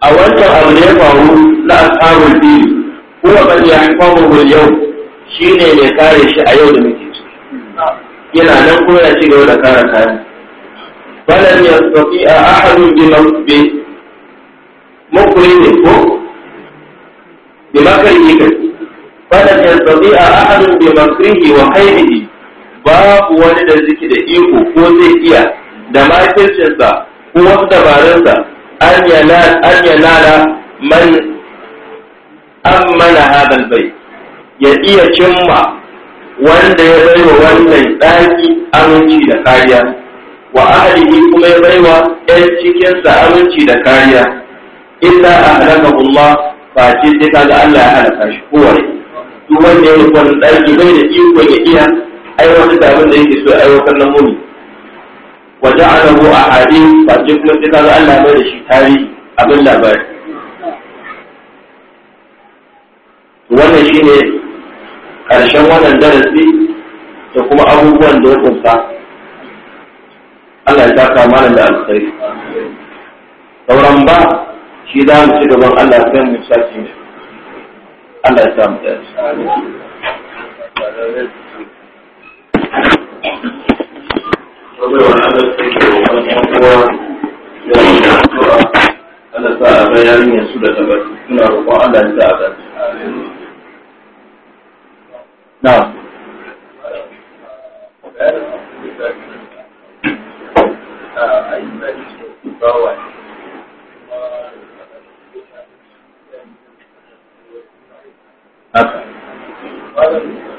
a wancan abu da ya faru na ashabul fili huwa qad yahfazuhu yau shi ne mai kare shi a yau da muke yana nan kuma ya ci gaba da kare kayan balan tafi a ahadun bi be mukuri ne ko bi kai balan tafi a ahadun bi makrihi wa khayrihi babu wani da ziki da iko ko zai iya da makircinsa ko wasu dabarunsa an yanala man ammana hadal bai ya iya cimma wanda ya baiwa wannan ɗaki aminci da kariya wa ahlihi kuma ya baiwa ɗan cikinsa aminci da kariya illa ahlaka Allah face sai kaga Allah ya halaka shi kowane duk wanda ya rufe ɗaki bai da ikon ya iya aiwatar da abin da yake so aiwatar na muni wa a ahadith ba ce kuma sai kaga Allah bai da shi tarihi abin labari wannan shine karshen wannan darasi da kuma abubuwan da ya kunsa Allah ya saka mana da alkhairi sauran ba shi za mu ci gaban Allah sai mu sake Allah ya samu shi yarinyar su da tabbatu suna roƙon Allah ya sa a Na. Haka.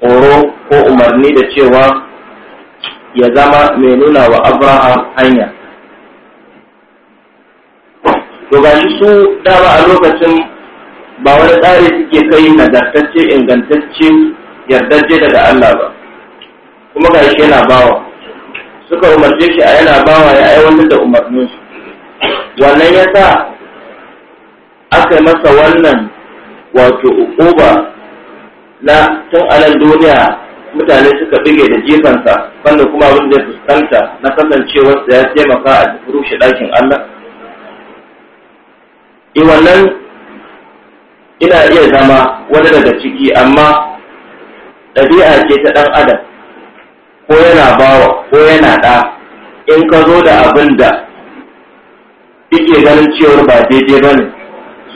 horo ko umarni da cewa ya zama mai nuna wa abraha hanya to gashi su dama a lokacin ba wani tsari suke kai nagartacce ingantacce yardajje daga Allah ba kuma gashi yana bawa suka umarce shi a yana bawa ya aiwatar da umarninsu wannan ya sa aka yi masa wannan wato uba na tun anan duniya mutane suka buge da jifansa wanda kuma abin da fuskanta na kasancewarsa ya taimaka a rushe ɗakin Allah? I wannan ina iya zama wani daga ciki amma ɗabi'a ce ta ɗan adam ko yana bawa ko yana ɗa in ka zo da abin da kike ganin cewar ba daidai ba ne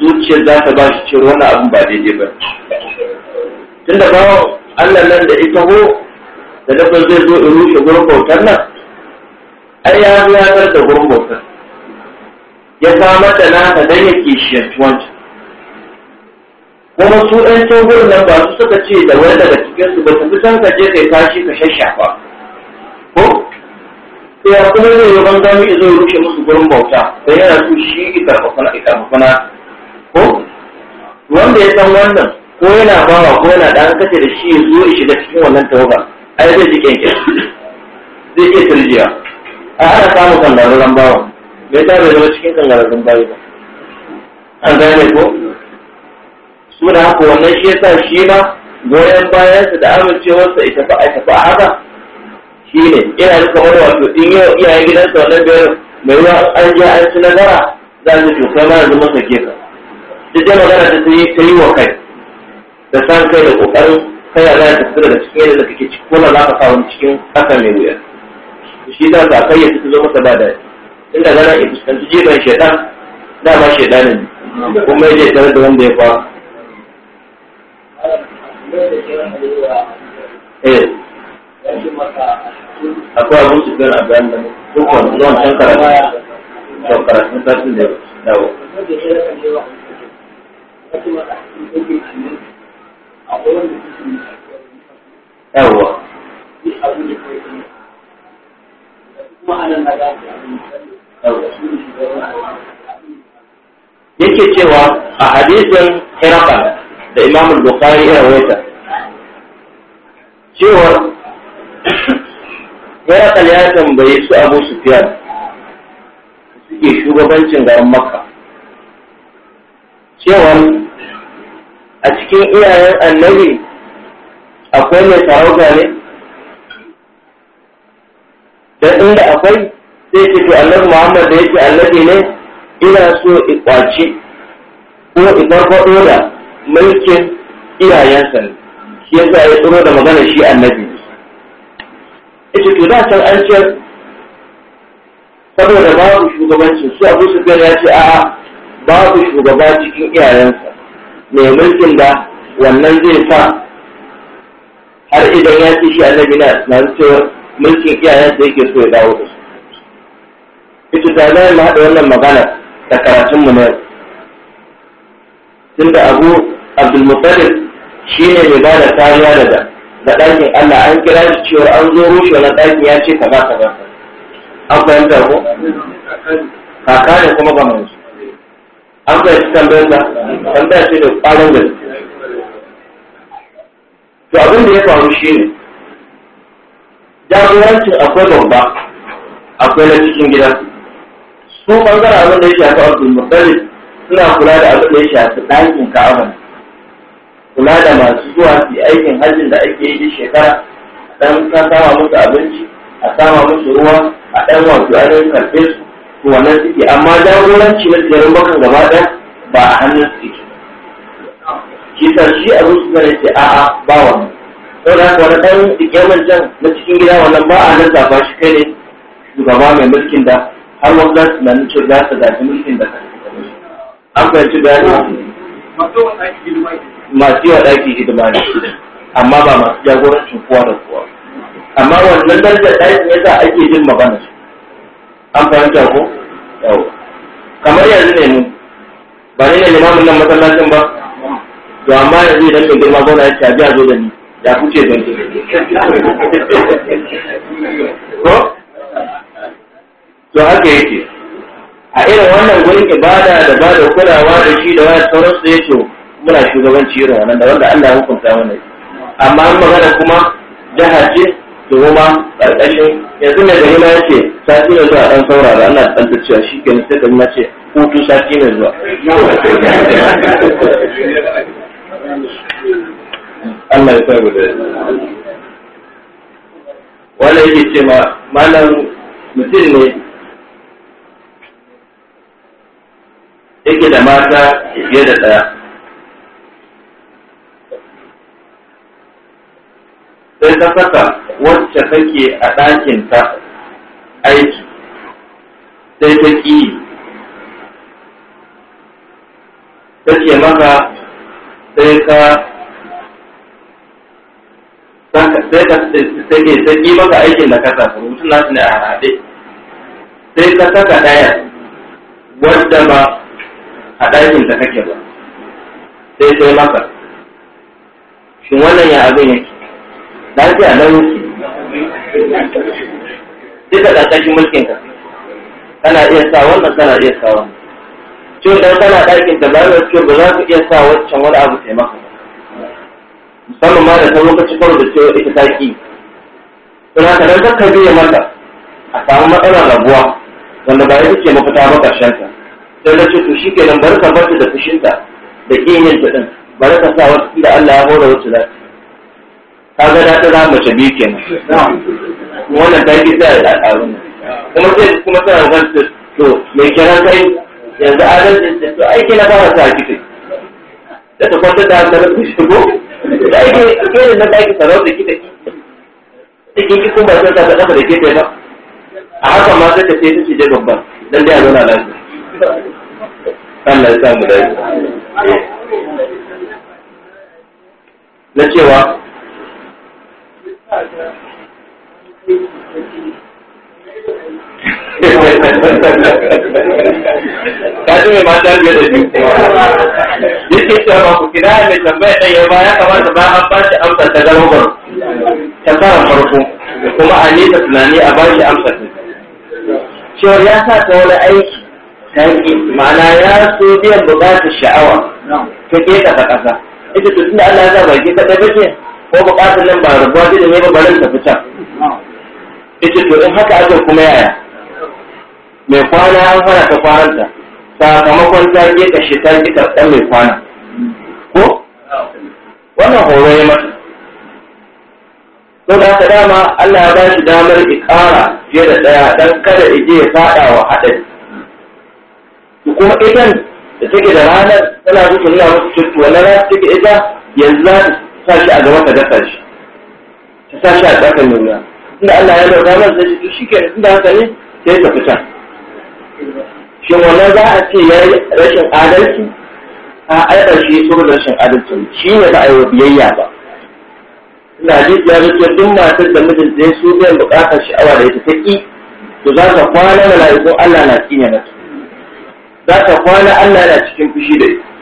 zuciyar za ta ba shi cewar wannan abin ba daidai ba ne tun da kawo Allah nan da ita ho da dafa zai zo in rushe gurin bautar nan ai ya yanar da gurin bautar ya samar da ka dan yake kishiyanci kuma su ɗan togurin nan ba su suka ce da wani daga cikinsu ba su san ka je kai kashi ka shashafa ko ya kuma zai yi ban gami zai ya rushe musu gurin bauta don yana su shi karfafa na ko wanda ya san wannan ko yana bawa ko yana ɗan kace da shi ya zo ya shiga cikin wannan tawaba ai zai ji kenke zai iya turjiya a ana samun kangararren bawa me ta bai zama cikin kangararren bayi ba an gane ko su da haka wannan shi yasa shi ma goyon su da amincewarsa ita fa a tafi haka shi ne ina da kamar wato in yau iyayen gidansa wannan biyar mai ruwa an je an ci nazara za su to kai ma yanzu masa sake ka duk da magana ta yi wa kai da san kai da kokarin kai za ta fita da cikin da kake ciki ko na za ka sa cikin haka mai wuya shi za ka kai ya fita zo masa ba da inda gana ya fuskanci jiban shaidan dama ne. kuma ya je tare da wanda ya fa eh akwai abin su gana bayan da dukkan zuwan can karatu can karatun satin da dawo yake cewa a hadisin hirafa da imamul bukhari ya rawaita cewa hiraka ya tambaye su abu sufyan suke shugabancin garin makka cewa cikin iyayen annabi akwai mai sarauta ne da inda akwai sai ce to annabi muhammad da yake annabi ne ina so ikwaci ko farfado da mulkin iyayensa ne shi yasa ya tsoro da magana shi annabi ita to da can an ce saboda babu shugabancin su abu su ya ce a'a babu shugaba cikin iyayensa mai mulkin da wannan zai sa har idan ya ci shi annabi na nan mulkin iyayen da yake so ya dawo da su ita ta zai mu haɗa wannan magana da karatun mu na tunda abu abdulmuttalib shi ne mai bada kariya daga da ɗakin Allah an kira shi cewa an zo rushe wannan ɗakin ya ce kaza kaza an fahimta ko kaka ne kuma ga mai an shi tambayar da tambaya ce da kwarin gaske to abin da ya faru shi ne jagorancin akwai babba akwai na cikin gida su bangaren abin da ya shafi abdul mutalib suna kula da abin da ya shafi ɗakin ka'aba kula da masu zuwa su aikin hajjin da ake yi shekara dan ka sama musu abinci a sama musu ruwa a ɗan wato ainihin karfe su to wannan suke amma jagoranci na garin bakan gaba ɗaya ba a hannun suke shi sa shi a rusu na a a'a ba wannan sau da haka wani ɗan tsikiyaman can na cikin gida wannan ba a nan zafa shi kai ne shugaba mai mulkin da har wani za su na nuce za su gaji mulkin da kan an fahimci ne. masu yawa ɗaki hidima ne amma ba masu jagorancin kowa da kowa amma wannan darajar ɗakin yasa ake jin magana su an fahimta ko Yau. kamar yanzu ne mu ba ne ne limamin nan masallacin ba to amma yanzu idan bai girma gona ya ta biya zo da ni ya kuce don ki ko to haka yake a irin wannan gurin ibada da ba da kulawa da shi da wani sauransu ya yake muna shugabanci irin wannan da wanda Allah ya hukunta mana amma an magana kuma jihar ce su kuma ƙarƙashin yanzu mai gari na yace sati ne zuwa ɗan saurara ana ɗan tacewa shi ke sai gari na ce hutu sati ne zuwa. Allah ya sa guda. Wanda yake ce ma malam mutum ne yake da mata fiye da ɗaya. sai ta saka wacce take a ɗakin ta aiki sai ta ƙi ta ce maka sai ka sai ka sai ƙi maka aikin da ka saka mutum nasu ne a haɗe sai ka saka ɗaya wadda ba a ɗakin ta kake ba sai sai maka shin wannan ya abin yake lafiya na wuce duk da ƙarƙashin mulkin ka kana iya sa wannan kana iya sa wannan ciwo idan kana ɗakin da bayan ciwo ba za ku iya sa waccan wani abu taimaka musamman ma da ta lokaci karo da ciwo ita ta ki don haka nan kakka biya mata a samu matsalar rabuwa wanda ba ita ce mafita ba ƙarshen ta sai na ce to shi ke bari ka bar da fushinta da ƙin yin ta ɗin bari ka sa wata da Allah ya hore wacce lafiya kaga da ta zama mace biyu kenan wannan ta ki da al'arun kuma sai kuma sai ga su to mai kiran kai yanzu adalci da to aiki na fara sa kike da ta kwanta da hankalin ku shigo da aiki ke ne na aiki sarauta kike cikin ki kuma sai ta kafa da kike ba a haka ma sai ta ce ta ce babban dan dai a zauna lafiya Allah ya samu dace eh. na cewa kaji mai mata biyar da biyu yake cewa ba ku kira mai tambaya ɗaya ba ya kamata ba a ba shi amsa ta garbar ta fara farko kuma a nesa tunani a ba shi amsa ta cewar ya sa ta wani aiki tanki ma'ana ya so biyan bukatar sha'awa ta ke ta ƙasa ita tutun da Allah ya sa ka kaɗai ba ko bukatar nan ba rabuwa da ne ba barin ta fita ita to in haka aka kuma yaya mai kwana an fara ta kwaranta, sakamakon ta ke kashe ta ki karɓar mai kwana ko wannan horo ya mata to da haka dama Allah ya ba shi damar ikara fiye da ɗaya dan kada ije ya faɗa wa haɗari kuma idan da take da ranar tana zuwa nuna wasu cutu wannan ranar take ita yanzu za sa a gaba ka dasa shi ta sa shi a tsakan mai wuya inda Allah ya lauta masa zai to shi ke inda haka ne sai ka fita shin wannan za a ce ya yi rashin adalci a ai ƙarshe su rashin adalci shi ne ba a yi biyayya ba ina ji ya zuke duk matar da mijinta zai so biyan buƙatar sha'awa da ita ta ƙi to za ka kwana mala'ikun Allah na ƙi ne mata za ka kwana Allah na cikin fushi da ita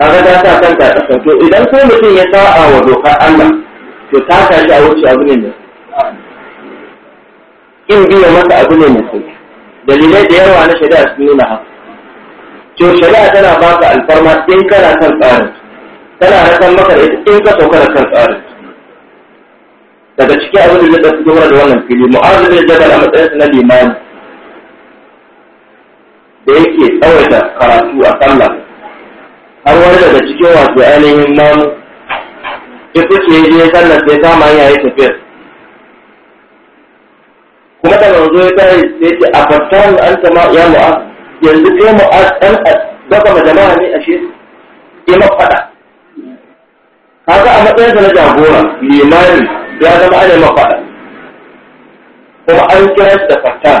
kaga ta sa kanka a ƙasa to idan ko mutum ya sa'a wa dokar Allah to ta sa shi a wuce abu ne mai in biya masa abu ne mai sauki dalilai da yawa na shari'a sun nuna haka to shari'a tana ba ka alfarma in kana kan tsarin tana rakan maka da ita in ka sauka da kan tsarin daga ciki abin da su fito da wannan fili mu'azu zai jabal a matsayinsa na limani da yake tsawaita karatu a sallah har wani daga cikin wato ainihin namu. ya fice ya je sallar sai kama hanya ya tafiyar kuma da manzo ya tayi sai ce a fatan an sama ya mu'a yanzu kai mu'az dan daga majama'a ne ashe ya mafada kaga a matsayin sa na jagora limani ya zama ana mafada kuma an kira shi da fatan,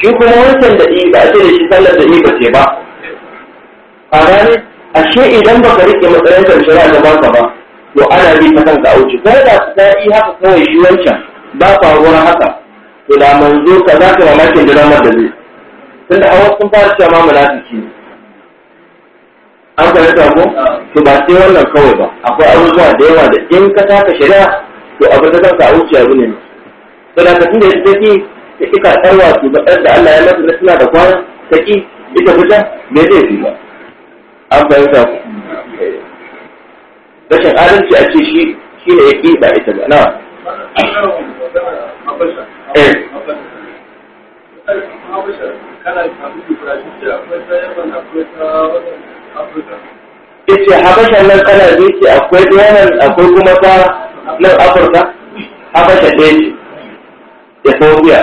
shi kuma wancan da ba a ce da shi sallar da ba a ranar ashe idan baka rike matsayin shari'a da baka ba to ana bi ta kanka a wuce kai da ta yi haka kawai shi wancan ba faruwar haka to da manzo ka za ka mamakin diramar da zai tunda a wasu fara cewa ma munafiki ne an ka rasa ko to ba sai wannan kawai ba akwai abubuwa da yawa da in ka taka shari'a to abin da kanka a wuce abu ne to da ka tunda yadda ka ta ki ba ɗan da Allah ya lafi na suna da kwana ta ki ita fita bai zai fi ba an fahimta ku rashin adalci a ce shi shi ne ya ƙi ba ita ba na Ice eh. habashan nan kana zuci akwai yanan akwai kuma ta nan Afirka habasha ɗaya ce, Ethiopia,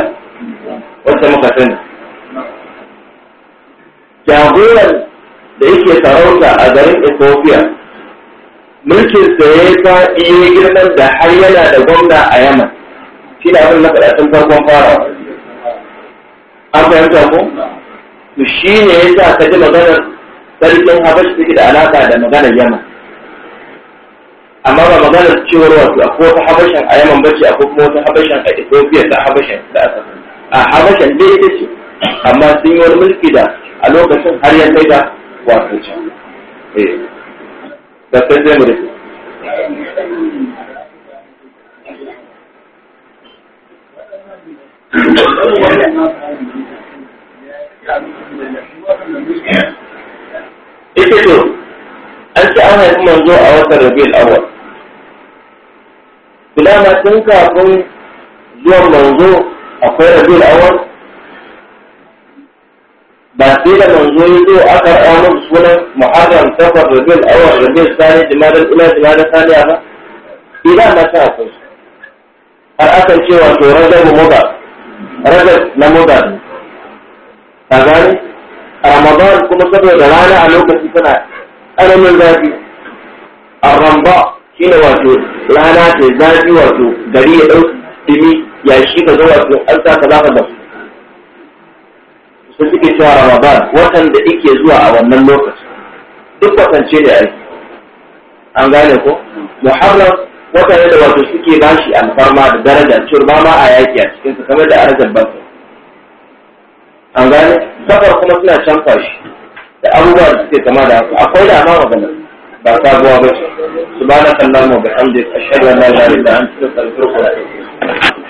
wacce muka sani. Jagoran da yake sarauta a garin ethiopia mulkin sa ya ta iya girman da har yana da gwamna a yaman shi da abin na tun farkon fara. an fahimta ko to shi ne ya sa ka ji maganar sarkin habashi take da alaƙa da maganar yaman amma ba maganar cewar wato ko ta Habashin a yaman bace ko kuma wata Habashin a ethiopia ta Habashin da aka a Habashin dai ita ce amma sun yi wani mulki da a lokacin har yanzu kai da wato can eh da sai dai ita to an ci an haifi manzo a watan awar. awwal bilama tun kafin zuwan manzo akwai rabiul awar? ba sai da manzo ya zo a karɓa musu sunan muharram safar rabiul awwal rabiul sani jimadal ila jimadal saniya ba idan na ta akwai har ce wa to rajab muda rajab na muda ka gane ramadan kuma saboda rana a lokaci tana ƙaramin zafi a ramba ne wato rana ta zafi wato gari ya ɗau dimi ya shi ka zo wato an sa ka za ka su suke cewa ramadan watan da ike zuwa a wannan lokacin duk kwatance da aiki an gane ko muharram wata ne da wato suke bashi alfarma da daraja cewar ba ma a yaki a cikin su kamar da arajan banka an gane safar kuma suna canfa shi da abubuwa da suke kama da haka akwai da ma magana ba zuwa ba ce Su ba subhanakallahumma wa bihamdika ashhadu an la ilaha illa anta astaghfiruka wa atubu